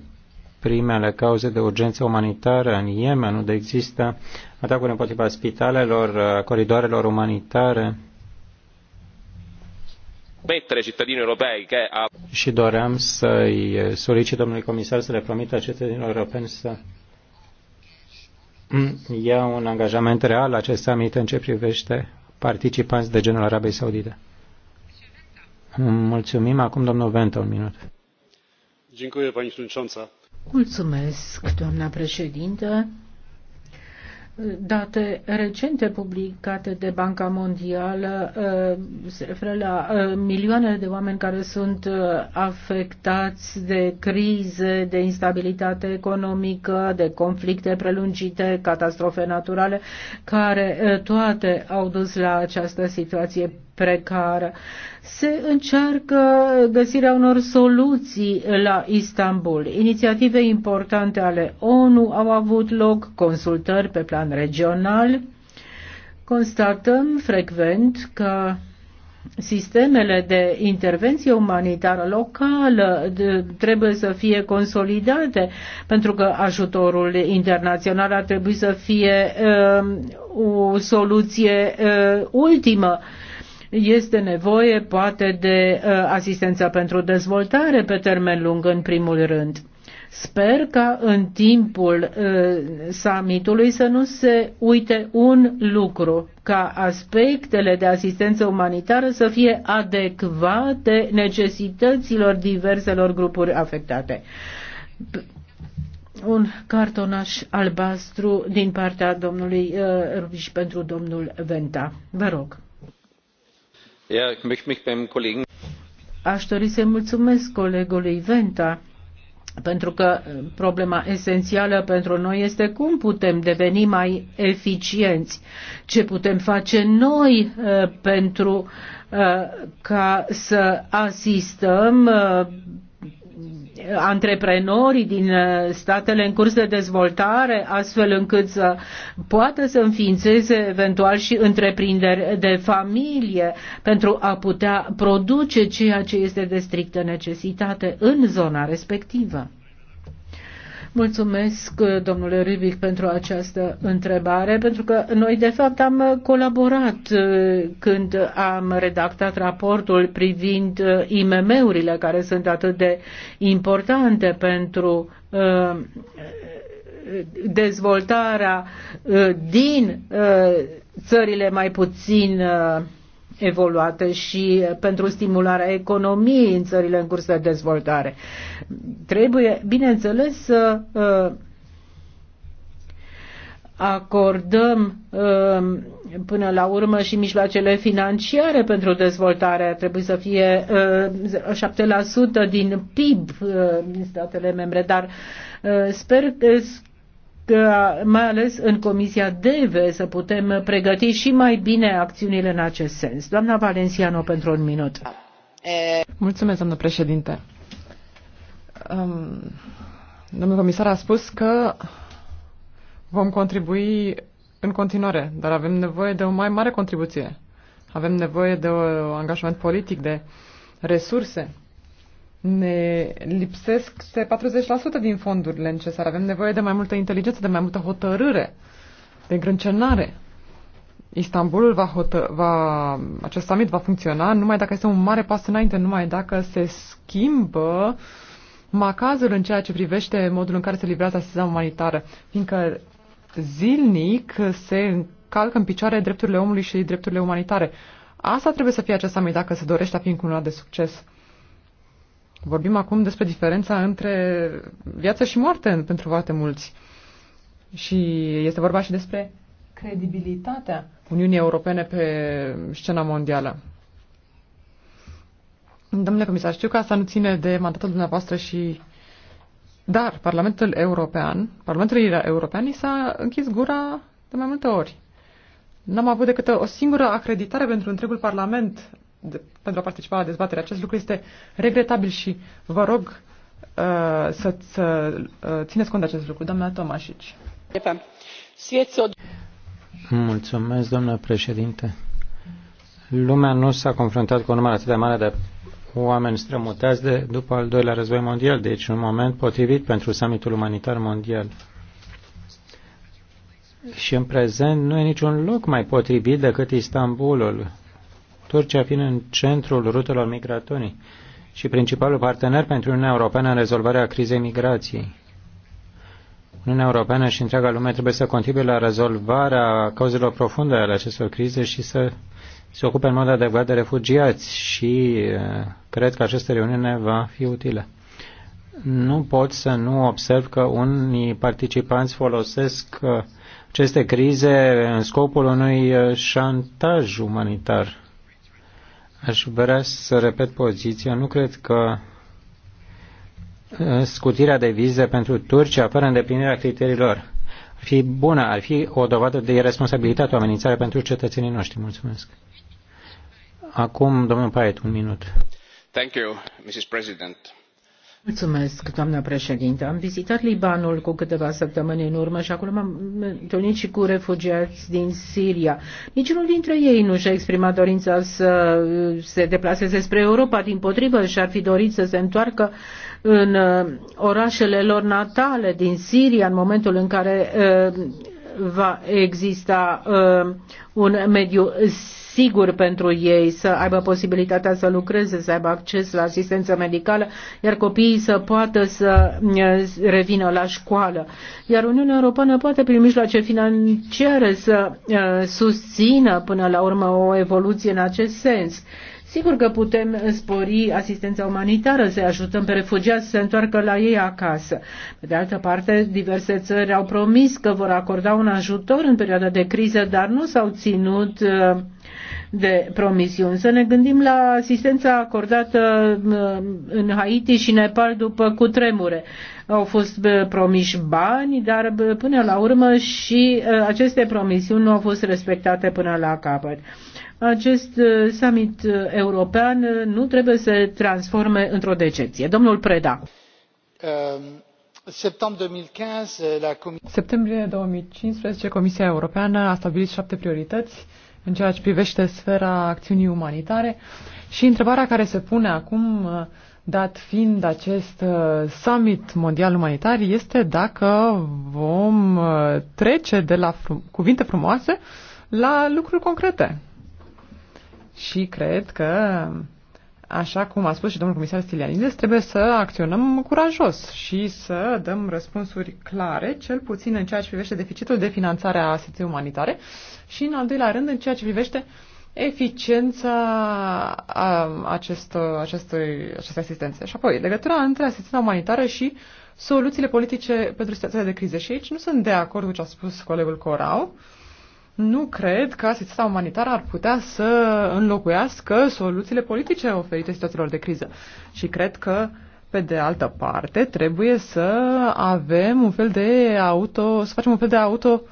primele cauze de urgență umanitară în Yemen, unde există atacuri împotriva spitalelor, uh, coridoarelor umanitare. Cetățenii europei că a... Și doream să-i solicit domnului comisar să le promită cetățenilor europeni să ia un angajament real acest summit în ce privește participanți de genul Arabiei Saudite. Mulțumim. Acum domnul Venta, un minut. Mulțumesc, doamna președintă. Date recente publicate de Banca Mondială uh, se referă la uh, milioanele de oameni care sunt uh, afectați de crize, de instabilitate economică, de conflicte prelungite, catastrofe naturale, care toate au dus la această situație precară. Se încearcă găsirea unor soluții la Istanbul. Inițiative importante ale ONU au avut loc, consultări pe plan regional. Constatăm frecvent că sistemele de intervenție umanitară locală trebuie să fie consolidate pentru că ajutorul internațional ar trebui să fie uh, o soluție uh, ultimă este nevoie poate de uh, asistența pentru dezvoltare pe termen lung în primul rând. Sper ca în timpul uh, summitului să nu se uite un lucru, ca aspectele de asistență umanitară să fie adecvate necesităților diverselor grupuri afectate. Un cartonaș albastru din partea domnului uh, și pentru domnul Venta. Vă rog. Aș dori să-i mulțumesc colegului Venta pentru că uh, problema esențială pentru noi este cum putem deveni mai eficienți, ce putem face noi uh, pentru uh, ca să asistăm antreprenorii din uh, statele în curs de dezvoltare, astfel încât să poată să înființeze eventual și întreprinderi de familie pentru a putea produce ceea ce este de strictă necesitate în zona respectivă. Mulțumesc, uh, domnule Rivic, pentru această întrebare, pentru că noi, de fapt, am uh, colaborat uh, când am redactat raportul privind IMM-urile, care sunt atât de importante pentru dezvoltarea din țările mai puțin evoluate și pentru stimularea economiei în țările în curs de dezvoltare. Trebuie, bineînțeles, să uh, acordăm uh, până la urmă și mijloacele financiare pentru dezvoltare. Trebuie să fie 7% uh, din PIB din statele membre, dar sper mai ales în Comisia DEVE, să putem pregăti și mai bine acțiunile în acest sens. Doamna Valenciano, pentru un minut. Mulțumesc, doamnă președinte. Um, domnul comisar a spus că vom contribui în continuare, dar avem nevoie de o mai mare contribuție. Avem nevoie de un angajament politic, de resurse ne lipsesc 40% din fondurile necesare. Avem nevoie de mai multă inteligență, de mai multă hotărâre, de grâncenare. Istanbulul va, hotă, va, acest summit va funcționa numai dacă este un mare pas înainte, numai dacă se schimbă macazul în ceea ce privește modul în care se livrează asistența umanitară, fiindcă zilnic se calcă în picioare drepturile omului și drepturile umanitare. Asta trebuie să fie acest summit dacă se dorește a fi încununat de succes. Vorbim acum despre diferența între viață și moarte pentru foarte mulți. Și este vorba și despre credibilitatea Uniunii Europene pe scena mondială. Domnule comisar, știu că asta nu ține de mandatul dumneavoastră și... Dar Parlamentul European, Parlamentul European i s-a închis gura de mai multe ori. N-am avut decât o singură acreditare pentru întregul Parlament de, pentru a participa la dezbatere. Acest lucru este regretabil și vă rog uh, să, să uh, țineți cont de acest lucru. Doamna Tomașici. Mulțumesc, doamnă președinte. Lumea nu s-a confruntat cu un număr atât de mare de oameni strămutați de după al doilea război mondial, deci un moment potrivit pentru summitul umanitar mondial. Și în prezent nu e niciun loc mai potrivit decât Istanbulul, Turcia fiind în centrul rutelor migratorii și principalul partener pentru Uniunea Europeană în rezolvarea crizei migrației. Uniunea Europeană și întreaga lume trebuie să contribuie la rezolvarea cauzelor profunde ale acestor crize și să se ocupe în mod adecvat de refugiați și eh, cred că această reuniune va fi utilă. Nu pot să nu observ că unii participanți folosesc eh, aceste crize în scopul unui eh, șantaj umanitar Aș vrea să repet poziția. Nu cred că uh, scutirea de vize pentru Turcia fără îndeplinirea criteriilor ar fi bună, ar fi o dovadă de irresponsabilitate, o amenințare pentru cetățenii noștri. Mulțumesc. Acum, domnul Paet, un minut. Thank you, Mrs. President. Mulțumesc, doamna președinte. Am vizitat Libanul cu câteva săptămâni în urmă și acolo m-am întâlnit și cu refugiați din Siria. Niciunul dintre ei nu și-a exprimat dorința să se deplaseze spre Europa, din potrivă și-ar fi dorit să se întoarcă în uh, orașele lor natale din Siria în momentul în care uh, va exista uh, un mediu sigur pentru ei, să aibă posibilitatea să lucreze, să aibă acces la asistență medicală, iar copiii să poată să mm, revină la școală. Iar Uniunea Europeană poate prin mijloace financiare să mm, susțină până la urmă o evoluție în acest sens. Sigur că putem spori asistența umanitară, să ajutăm pe refugiați să se întoarcă la ei acasă. Pe de altă parte, diverse țări au promis că vor acorda un ajutor în perioada de criză, dar nu s-au ținut uh, de promisiuni. Să ne gândim la asistența acordată uh, în Haiti și Nepal după cutremure. Au fost uh, promiși bani, dar uh, până la urmă și aceste promisiuni nu au fost respectate până la capăt. Acest summit european nu trebuie să se transforme într-o decepție. Domnul Preda. Um... Septembrie 2015, Comisia Europeană a stabilit șapte priorități în ceea ce privește sfera acțiunii umanitare. Și întrebarea care se pune acum, dat fiind acest uh, summit mondial umanitar, este dacă vom uh, trece de la frum- cuvinte frumoase la lucruri concrete. Și cred că, așa cum a spus și domnul comisar Stilianides, trebuie să acționăm curajos și să dăm răspunsuri clare, cel puțin în ceea ce privește deficitul de finanțare a asistenței umanitare și, în al doilea rând, în ceea ce privește eficiența acestor, acestei asistențe. Și apoi, legătura între asistența umanitară și soluțiile politice pentru situația de criză. Și aici nu sunt de acord cu ce a spus colegul Corau. Nu cred că asistența umanitară ar putea să înlocuiască soluțiile politice oferite situațiilor de criză. Și cred că pe de altă parte, trebuie să avem un fel de auto, să facem un fel de auto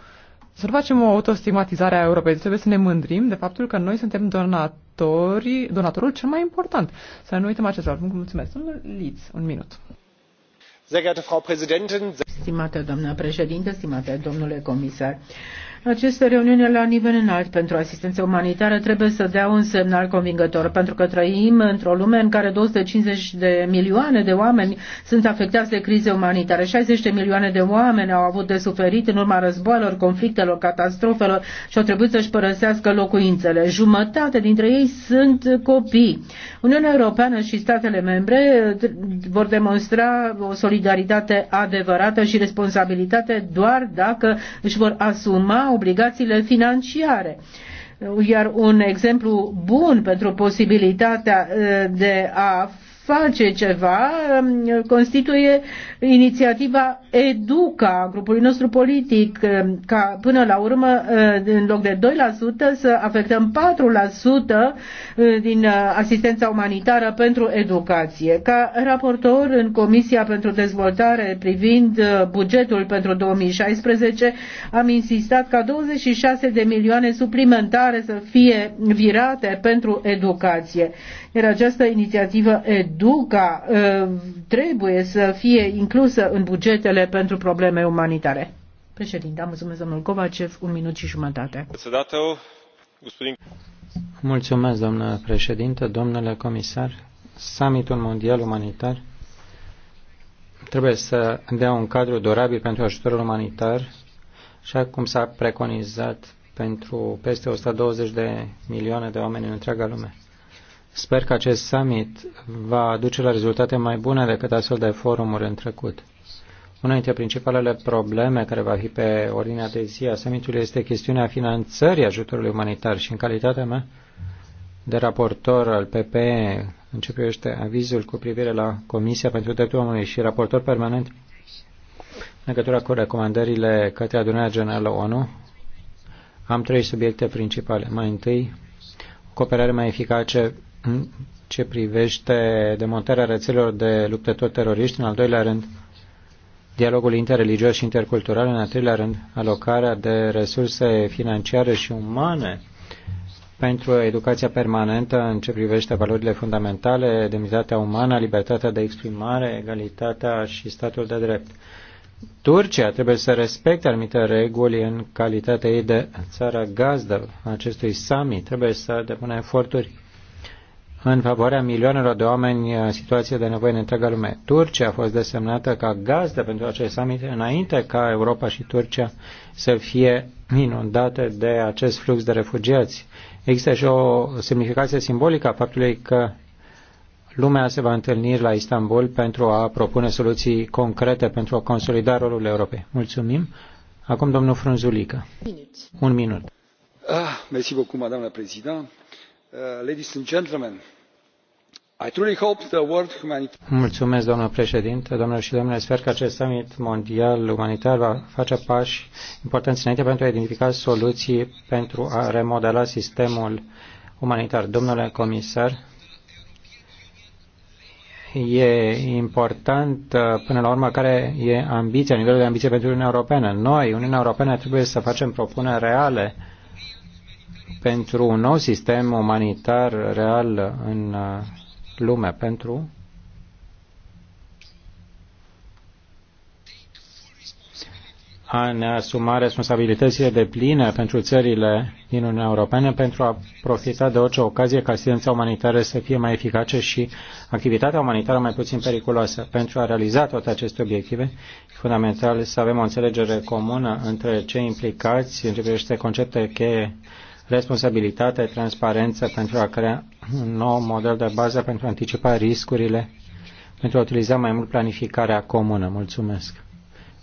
să facem o autostigmatizare a Europei. Deci trebuie să ne mândrim de faptul că noi suntem donatorii, donatorul cel mai important. Să nu uităm acest lucru. Mulțumesc. Domnul Liz, un minut. Stimată doamnă președinte, stimate domnule comisar, aceste reuniuni la nivel înalt pentru asistență umanitară trebuie să dea un semnal convingător, pentru că trăim într-o lume în care 250 de milioane de oameni sunt afectați de crize umanitare. 60 de milioane de oameni au avut de suferit în urma războaielor, conflictelor, catastrofelor și au trebuit să-și părăsească locuințele. Jumătate dintre ei sunt copii. Uniunea Europeană și statele membre vor demonstra o solidaritate adevărată și responsabilitate doar dacă își vor asuma obligațiile financiare. Iar un exemplu bun pentru posibilitatea eh, de a face ceva um, constituie inițiativa EDUCA, grupului nostru politic, um, ca până la urmă, uh, în loc de 2%, să afectăm 4% uh, din uh, asistența umanitară pentru educație. Ca raportor în Comisia pentru Dezvoltare privind bugetul pentru 2016, am insistat ca 26 de milioane suplimentare să fie virate pentru educație. Iar această inițiativă EDUCA ă, trebuie să fie inclusă în bugetele pentru probleme umanitare. Președinte, mulțumesc domnul Kovacev, un minut și jumătate. Mulțumesc, domnule președinte, domnule comisar. Summitul Mondial Umanitar trebuie să dea un cadru durabil pentru ajutorul umanitar, așa cum s-a preconizat pentru peste 120 de milioane de oameni în întreaga lume. Sper că acest summit va aduce la rezultate mai bune decât astfel de forumuri în trecut. Una dintre principalele probleme care va fi pe ordinea de zi a summitului este chestiunea finanțării ajutorului umanitar și în calitatea mea de raportor al PPE în ce privește avizul cu privire la Comisia pentru Dreptul Omului și raportor permanent în legătură cu recomandările către adunarea generală ONU, am trei subiecte principale. Mai întâi, cooperare mai eficace ce privește demontarea rețelelor de luptători teroriști, în al doilea rând, dialogul interreligios și intercultural, în al treilea rând, alocarea de resurse financiare și umane pentru educația permanentă în ce privește valorile fundamentale, demnitatea umană, libertatea de exprimare, egalitatea și statul de drept. Turcia trebuie să respecte anumite reguli în calitatea ei de țară gazdă acestui summit. Trebuie să depună eforturi în favoarea milioanelor de oameni în situație de nevoie în întreaga lume. Turcia a fost desemnată ca gazdă pentru acest summit înainte ca Europa și Turcia să fie inundate de acest flux de refugiați. Există și o semnificație simbolică a faptului că lumea se va întâlni la Istanbul pentru a propune soluții concrete pentru a consolida rolul Europei. Mulțumim. Acum domnul Frunzulică. Un minut. Ah, merci beaucoup, madame la présidente. Mulțumesc, domnule președinte, domnule și domnilor Sper că acest summit mondial umanitar va face pași importanți înainte pentru a identifica soluții pentru a remodela sistemul umanitar. Domnule comisar, e important uh, până la urmă care e ambiția, nivelul de ambiție pentru Uniunea Europeană. Noi, Uniunea Europeană, trebuie să facem propuneri reale pentru un nou sistem umanitar real în uh, lume, pentru a ne asuma responsabilitățile de pline pentru țările din Uniunea Europeană pentru a profita de orice ocazie ca asistența umanitară să fie mai eficace și activitatea umanitară mai puțin periculoasă. Pentru a realiza toate aceste obiective, e fundamental să avem o înțelegere comună între cei implicați în ce privește concepte cheie responsabilitate, transparență pentru a crea un nou model de bază pentru a anticipa riscurile, pentru a utiliza mai mult planificarea comună. Mulțumesc.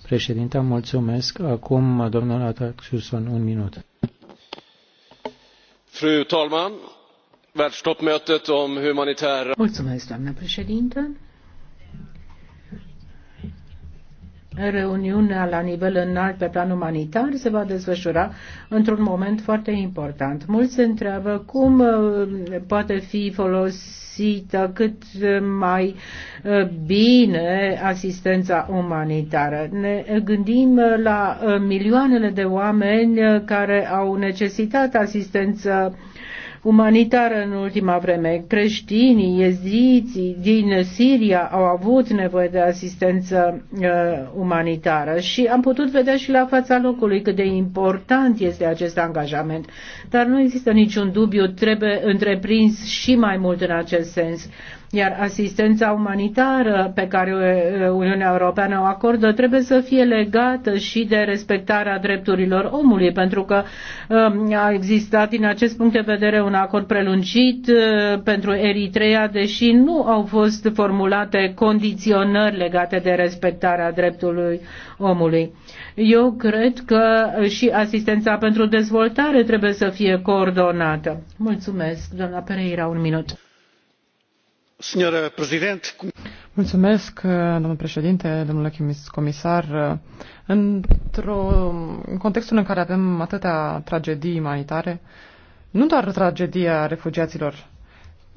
Președinte, mulțumesc. Acum, domnul Ataxuson, un minut. Fru talman, om humanitar. Mulțumesc, doamnă președinte. Reuniunea la nivel înalt pe plan umanitar se va desfășura într-un moment foarte important. Mulți se întreabă cum uh, poate fi folosită cât mai uh, bine asistența umanitară. Ne gândim la uh, milioanele de oameni care au necesitat asistență umanitară în ultima vreme. Creștinii, ieziții din Siria au avut nevoie de asistență uh, umanitară și am putut vedea și la fața locului cât de important este acest angajament. Dar nu există niciun dubiu, trebuie întreprins și mai mult în acest sens. Uh, iar asistența umanitară pe care uh, Uniunea Europeană o acordă trebuie să fie legată și de respectarea drepturilor omului, pentru că um, a existat din acest punct de vedere un acord prelungit uh, pentru Eritrea, deși nu au fost formulate condiționări legate de respectarea dreptului omului. Eu cred că și asistența pentru dezvoltare trebuie să fie coordonată. Mulțumesc, doamna Pereira, un minut domnule președinte, domnule comisar. Într-un în contextul în care avem atâtea tragedii umanitare, nu doar tragedia refugiaților,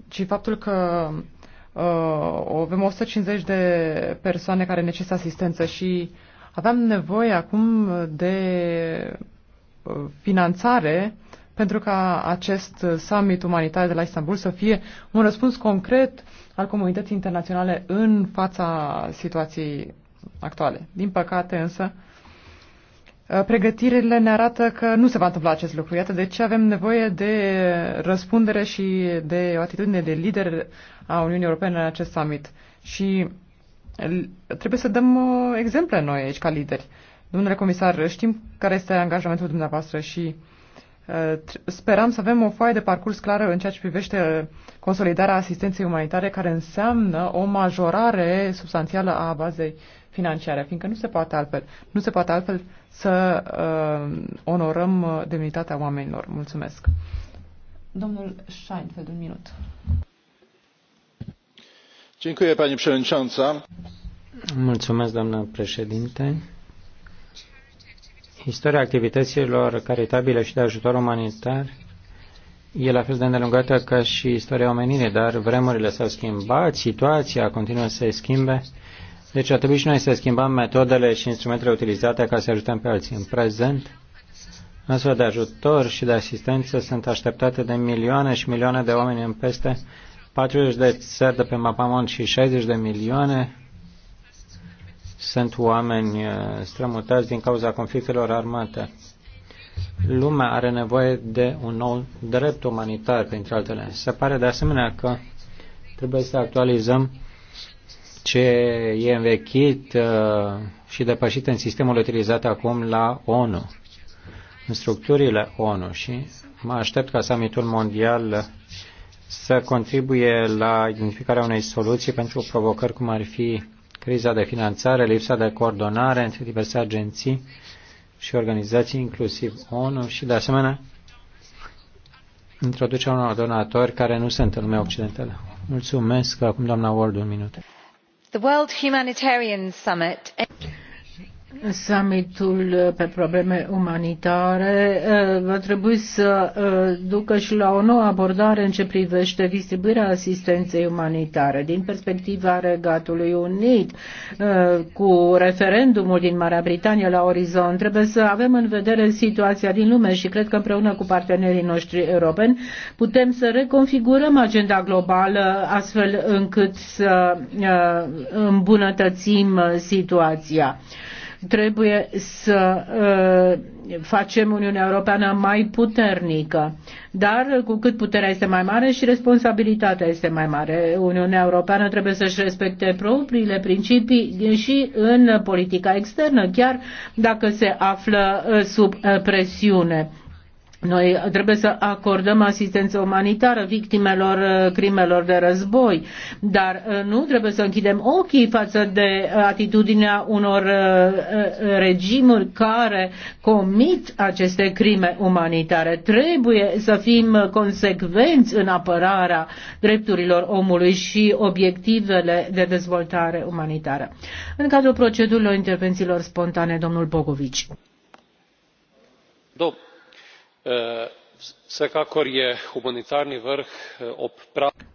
ci faptul că uh, avem 150 de persoane care necesită asistență și aveam nevoie acum de uh, finanțare pentru ca acest summit umanitar de la Istanbul să fie un răspuns concret al comunității internaționale în fața situației actuale. Din păcate însă, pregătirile ne arată că nu se va întâmpla acest lucru. Iată de ce avem nevoie de răspundere și de o atitudine de lider a Uniunii Europene în acest summit. Și trebuie să dăm uh, exemple noi aici ca lideri. Domnule comisar, știm care este angajamentul dumneavoastră și uh, Uh, Sperăm să avem o foaie de parcurs clară în ceea ce privește consolidarea asistenței umanitare, care înseamnă o majorare substanțială a bazei financiare, fiindcă nu se poate altfel. Nu se poate altfel să uh, onorăm uh, demnitatea oamenilor. Mulțumesc. Domnul Scheinfeld, un minut. Dziękuję, pani przewodnicząca. Mulțumesc, doamnă președinte. Istoria activităților caritabile și de ajutor umanitar e la fel de îndelungată ca și istoria omenirii, dar vremurile s-au schimbat, situația continuă să se schimbe, deci ar trebui și noi să schimbăm metodele și instrumentele utilizate ca să ajutăm pe alții. În prezent, astfel de ajutor și de asistență sunt așteptate de milioane și milioane de oameni în peste 40 de țări de pe mapamont și 60 de milioane sunt oameni uh, strămutați din cauza conflictelor armate. Lumea are nevoie de un nou drept umanitar, printre altele. Se pare de asemenea că trebuie să actualizăm ce e învechit uh, și depășit în sistemul utilizat acum la ONU, în structurile ONU și mă aștept ca summitul mondial să contribuie la identificarea unei soluții pentru provocări cum ar fi criza de finanțare, lipsa de coordonare între diverse agenții și organizații, inclusiv ONU și, de asemenea, introducerea unor donatori care nu sunt în lumea occidentală. Mulțumesc. Acum, doamna Ward, un minut. The World Humanitarian Summit Summitul pe probleme umanitare eh, va trebui să eh, ducă și la o nouă abordare în ce privește distribuirea asistenței umanitare din perspectiva Regatului Unit eh, cu referendumul din Marea Britanie la orizont. Trebuie să avem în vedere situația din lume și cred că împreună cu partenerii noștri europeni putem să reconfigurăm agenda globală astfel încât să îmbunătățim situația trebuie să uh, facem Uniunea Europeană mai puternică. Dar cu cât puterea este mai mare și responsabilitatea este mai mare, Uniunea Europeană trebuie să-și respecte propriile principii și în politica externă, chiar dacă se află uh, sub uh, presiune. Noi trebuie să acordăm asistență umanitară victimelor uh, crimelor de război, dar uh, nu trebuie să închidem ochii față de atitudinea unor uh, regimuri care comit aceste crime umanitare. Trebuie să fim consecvenți în apărarea drepturilor omului și obiectivele de dezvoltare umanitară. În cadrul procedurilor intervențiilor spontane, domnul Bogovici. Domn vsekakor je humanitarni vrh ob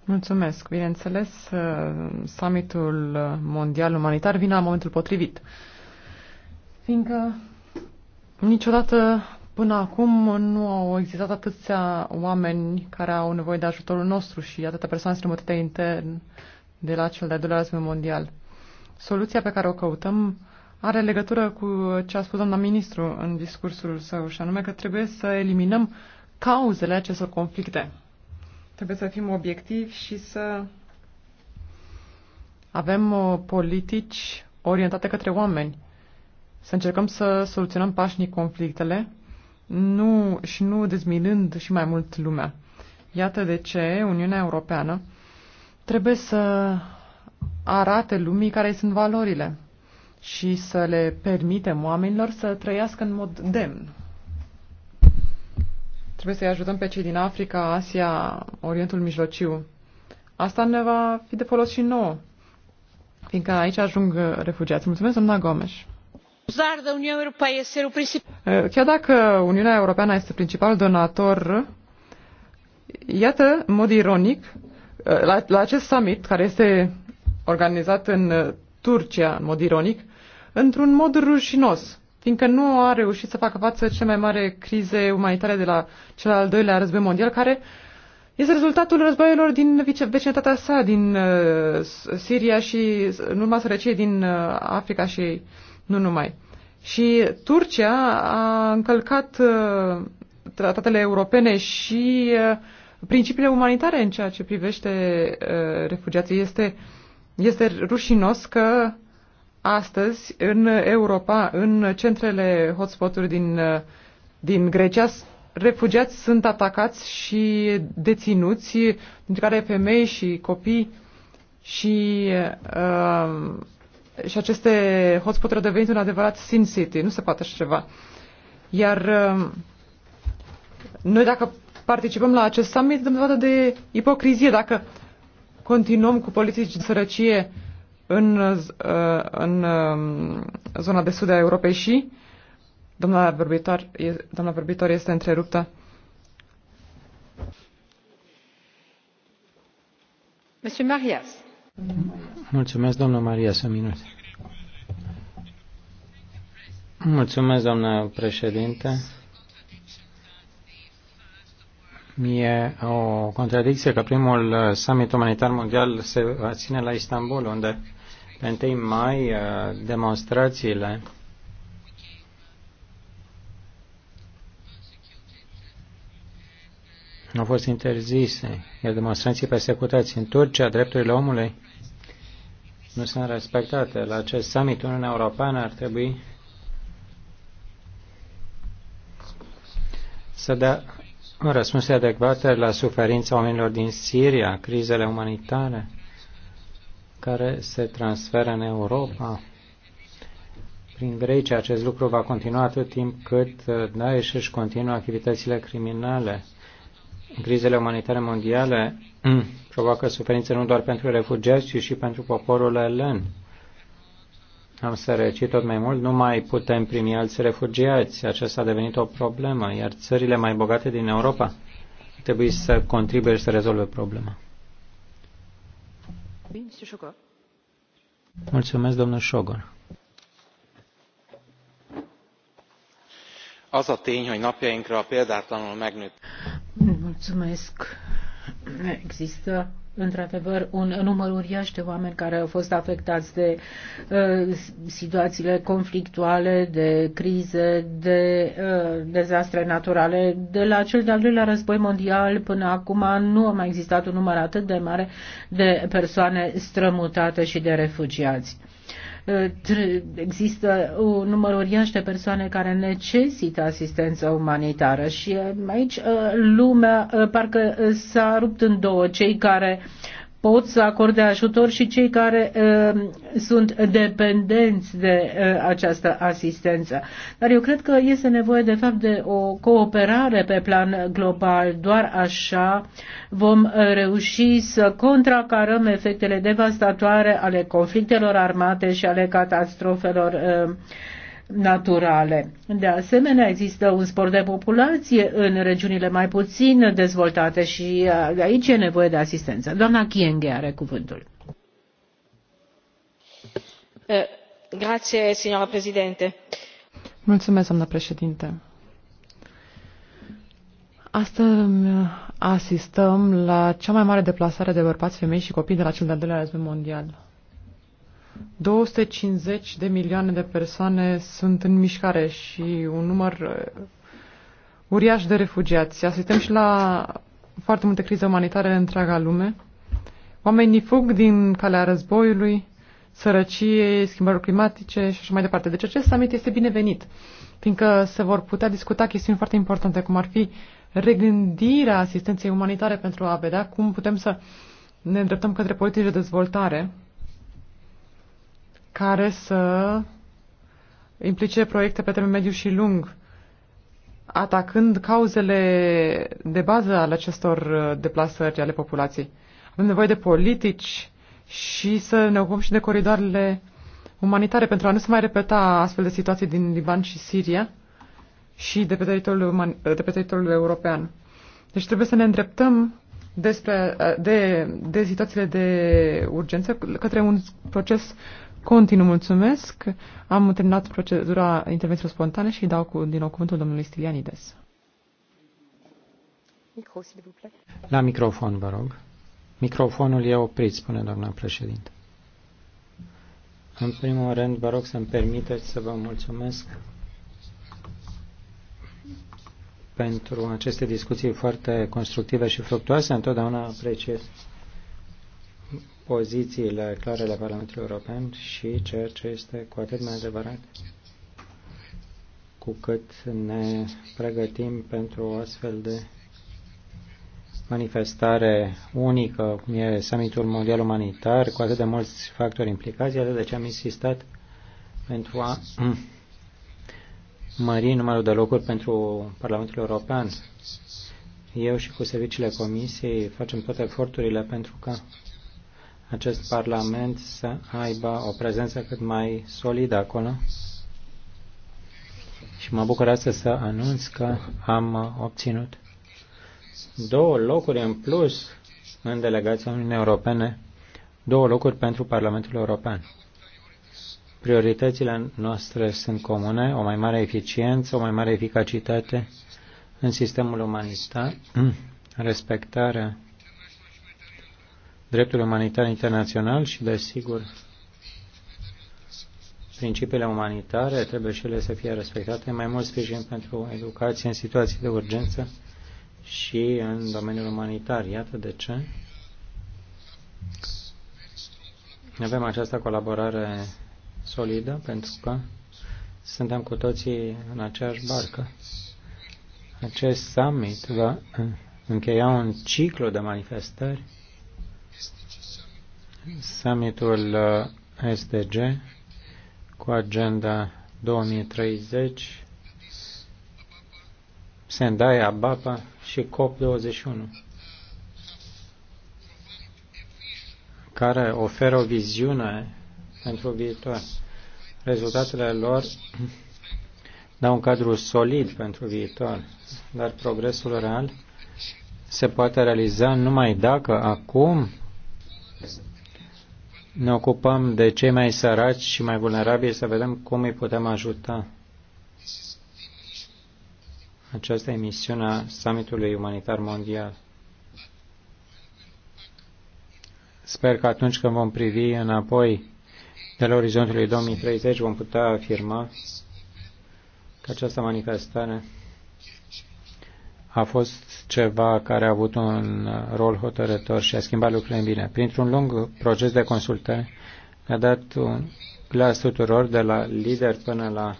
Mulțumesc. Bineînțeles, summitul mondial umanitar vine la momentul potrivit. Fiindcă niciodată până acum nu au existat atâția oameni care au nevoie de ajutorul nostru și atâtea persoane strămutate intern de la cel de-al doilea război mondial. Soluția pe care o căutăm are legătură cu ce a spus doamna ministru în discursul său, și anume că trebuie să eliminăm cauzele acestor conflicte. Trebuie să fim obiectivi și să avem uh, politici orientate către oameni. Să încercăm să soluționăm pașnic conflictele nu, și nu dezminând și mai mult lumea. Iată de ce Uniunea Europeană trebuie să arate lumii care sunt valorile și să le permitem oamenilor să trăiască în mod demn. Trebuie să-i ajutăm pe cei din Africa, Asia, Orientul Mijlociu. Asta ne va fi de folos și nouă, fiindcă aici ajung refugiați. Mulțumesc, doamna Gomes. Chiar dacă Uniunea Europeană este principal donator, iată, în mod ironic, la, la acest summit, care este organizat în Turcia, în mod ironic, într-un mod rușinos, fiindcă nu a reușit să facă față cea mai mare crize umanitare de la cel al doilea război mondial, care este rezultatul războiilor din vecinătatea sa, din uh, Siria și uh, în urma sărăciei din uh, Africa și nu numai. Și Turcia a încălcat uh, tratatele europene și uh, principiile umanitare în ceea ce privește uh, refugiații. Este, este rușinos că uh, astăzi în Europa, în centrele hotspot-uri din, din Grecia, refugiați sunt atacați și deținuți, dintre care femei și copii și, uh, și aceste hotspot-uri au devenit un adevărat sin city. Nu se poate așa ceva. Iar uh, noi dacă participăm la acest summit, dăm dovadă de ipocrizie. Dacă continuăm cu politici de sărăcie uh, în, uh, în um, zona de sud a Europei și doamna vorbitor, doamna vorbitor este întreruptă. Monsieur Marias. Mulțumesc, doamna Marias, un minut. Mulțumesc, doamna președinte. E o contradicție că primul summit umanitar mondial se va ține la Istanbul, unde pe 1 mai, uh, demonstrațiile au fost interzise, iar demonstrații persecutați în Turcia, drepturile omului nu sunt respectate. La acest summit, Uniunea Europeană ar trebui să dea răspunsuri adecvate la suferința oamenilor din Siria, crizele umanitare care se transferă în Europa. Prin Grecia acest lucru va continua atât timp cât uh, Daesh își continuă activitățile criminale. Crizele umanitare mondiale mm, provoacă suferințe nu doar pentru refugiați, ci și pentru poporul elen. Am să sărăcit tot mai mult, nu mai putem primi alți refugiați. Aceasta a devenit o problemă, iar țările mai bogate din Europa trebuie să contribuie să rezolve problema. Mulțumesc, domnul Șogor. Az a tény, hogy napjainkra példátlanul megnőtt. Mulțumesc. Există într-adevăr un număr uriaș de oameni care au fost afectați de uh, situațiile conflictuale, de crize, de uh, dezastre naturale. De la cel de-al doilea război mondial până acum nu a mai existat un număr atât de mare de persoane strămutate și de refugiați există un număr uriaș de persoane care necesită asistență umanitară și eh, aici eh, lumea eh, parcă s-a rupt în două cei care pot să acorde ajutor și cei care uh, sunt dependenți de uh, această asistență. Dar eu cred că este nevoie de fapt de o cooperare pe plan global. Doar așa vom uh, reuși să contracarăm efectele devastatoare ale conflictelor armate și ale catastrofelor uh, naturale. De asemenea, există un spor de populație în regiunile mai puțin dezvoltate și uh, aici e nevoie de asistență. Doamna Chienghe are cuvântul. Eh, grazie, signora Mulțumesc, doamna președinte. Astăzi uh, asistăm la cea mai mare deplasare de bărbați, femei și copii de la cel de-al doilea război mondial. 250 de milioane de persoane sunt în mișcare și un număr uh, uriaș de refugiați. Asistăm și la foarte multe crize umanitare în întreaga lume. Oamenii fug din calea războiului, sărăciei, schimbărilor climatice și așa mai departe. Deci acest summit este binevenit, fiindcă se vor putea discuta chestiuni foarte importante, cum ar fi regândirea asistenței umanitare pentru a vedea cum putem să ne îndreptăm către politici de dezvoltare care să implice proiecte pe termen mediu și lung, atacând cauzele de bază ale acestor uh, deplasări ale populației. Avem nevoie de politici și să ne ocupăm și de coridoarele umanitare pentru a nu se mai repeta astfel de situații din Liban și Siria și de pe teritoriul, uman, de pe teritoriul european. Deci trebuie să ne îndreptăm despre, de, de situațiile de urgență către un proces continuu. Mulțumesc. Am terminat procedura intervențiilor spontane și dau cu, din nou cuvântul domnului Stilianides. Micro, La microfon, vă rog. Microfonul e oprit, spune doamna președinte. În primul rând, vă rog să-mi permiteți să vă mulțumesc pentru aceste discuții foarte constructive și fructuoase. Întotdeauna apreciez pozițiile clare ale Parlamentului European și ceea ce este cu atât mai adevărat cu cât ne pregătim pentru o astfel de manifestare unică, cum e summitul mondial umanitar, cu atât de mulți factori implicați, atât de ce am insistat pentru a mări numărul de locuri pentru Parlamentul European. Eu și cu serviciile Comisiei facem toate eforturile pentru ca acest Parlament să aibă o prezență cât mai solidă acolo. Și mă bucur astăzi să anunț că am obținut două locuri în plus în delegația Uniunii Europene, două locuri pentru Parlamentul European. Prioritățile noastre sunt comune, o mai mare eficiență, o mai mare eficacitate în sistemul umanitar, respectarea dreptului umanitar internațional și, desigur, principiile umanitare trebuie și ele să fie respectate, mai mult sprijin pentru educație în situații de urgență și în domeniul umanitar. Iată de ce avem această colaborare solidă pentru că suntem cu toții în aceeași barcă. Acest summit va încheia un ciclu de manifestări. Summitul uh, SDG cu agenda 2030, Sendai, Abapa și COP21. care oferă o viziune pentru viitor. Rezultatele lor dau un cadru solid pentru viitor, dar progresul real se poate realiza numai dacă acum ne ocupăm de cei mai săraci și mai vulnerabili să vedem cum îi putem ajuta. Aceasta e misiunea Summitului Umanitar Mondial. Sper că atunci când vom privi înapoi de la orizontului 2030 vom putea afirma că această manifestare a fost ceva care a avut un rol hotărător și a schimbat lucrurile în bine. Printr-un lung proces de consultare a dat un glas tuturor, de la lideri până la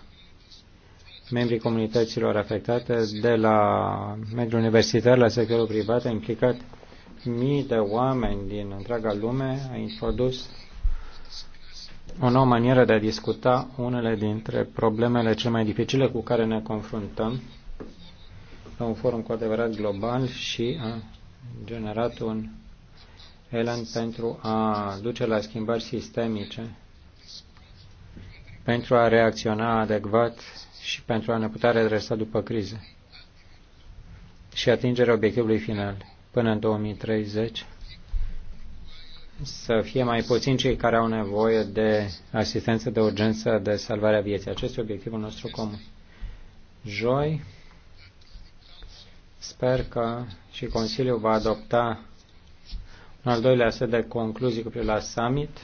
membrii comunităților afectate, de la mediul universitar la sectorul privat, a implicat mii de oameni din întreaga lume, a introdus o nouă manieră de a discuta unele dintre problemele cele mai dificile cu care ne confruntăm la un forum cu adevărat global și a generat un elan pentru a duce la schimbări sistemice, pentru a reacționa adecvat și pentru a ne putea redresa după criză și atingerea obiectivului final până în 2030 să fie mai puțin cei care au nevoie de asistență de urgență de salvare a vieții. Acest e obiectivul nostru comun. Joi, sper că și Consiliul va adopta un al doilea set de concluzii cu privire la summit,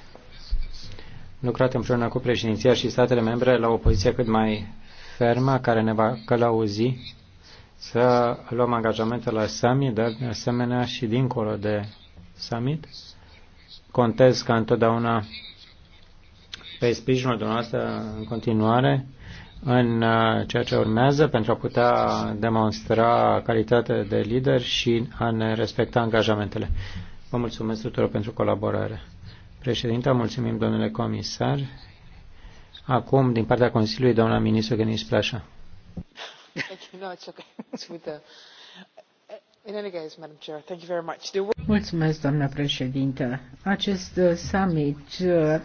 lucrat împreună cu președinția și statele membre la o poziție cât mai fermă, care ne va călăuzi să luăm angajamente la summit, dar de asemenea și dincolo de summit contez ca întotdeauna pe sprijinul dumneavoastră în continuare în uh, ceea ce urmează pentru a putea demonstra calitatea de lider și a ne respecta angajamentele. Vă mulțumesc tuturor pentru colaborare. Președinte, mulțumim domnule comisar. Acum, din partea Consiliului, doamna ministru Gâniș Plașa. Mulțumesc, doamnă președintă. Acest uh, summit uh,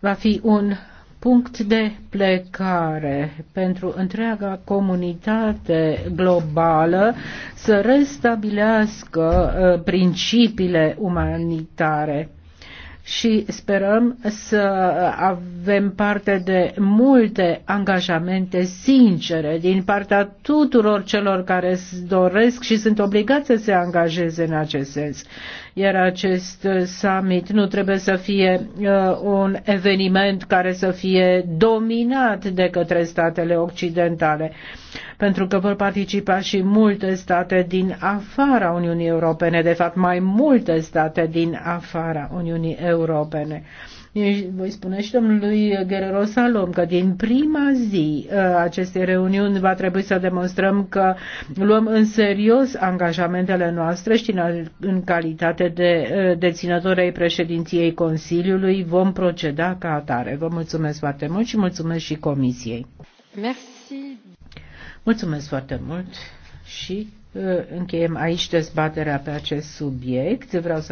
va fi un punct de plecare pentru întreaga comunitate globală să restabilească uh, principiile umanitare și sperăm să avem parte de multe angajamente sincere din partea tuturor celor care doresc și sunt obligați să se angajeze în acest sens iar acest uh, summit nu trebuie să fie uh, un eveniment care să fie dominat de către statele occidentale, pentru că vor participa și multe state din afara Uniunii Europene, de fapt mai multe state din afara Uniunii Europene voi spune și domnului Guerrero Salom că din prima zi uh, acestei reuniuni va trebui să demonstrăm că luăm în serios angajamentele noastre și în calitate de uh, ai președinției Consiliului vom proceda ca atare. Vă mulțumesc foarte mult și mulțumesc și Comisiei. Merci. Mulțumesc foarte mult și uh, încheiem aici dezbaterea pe acest subiect. Vreau să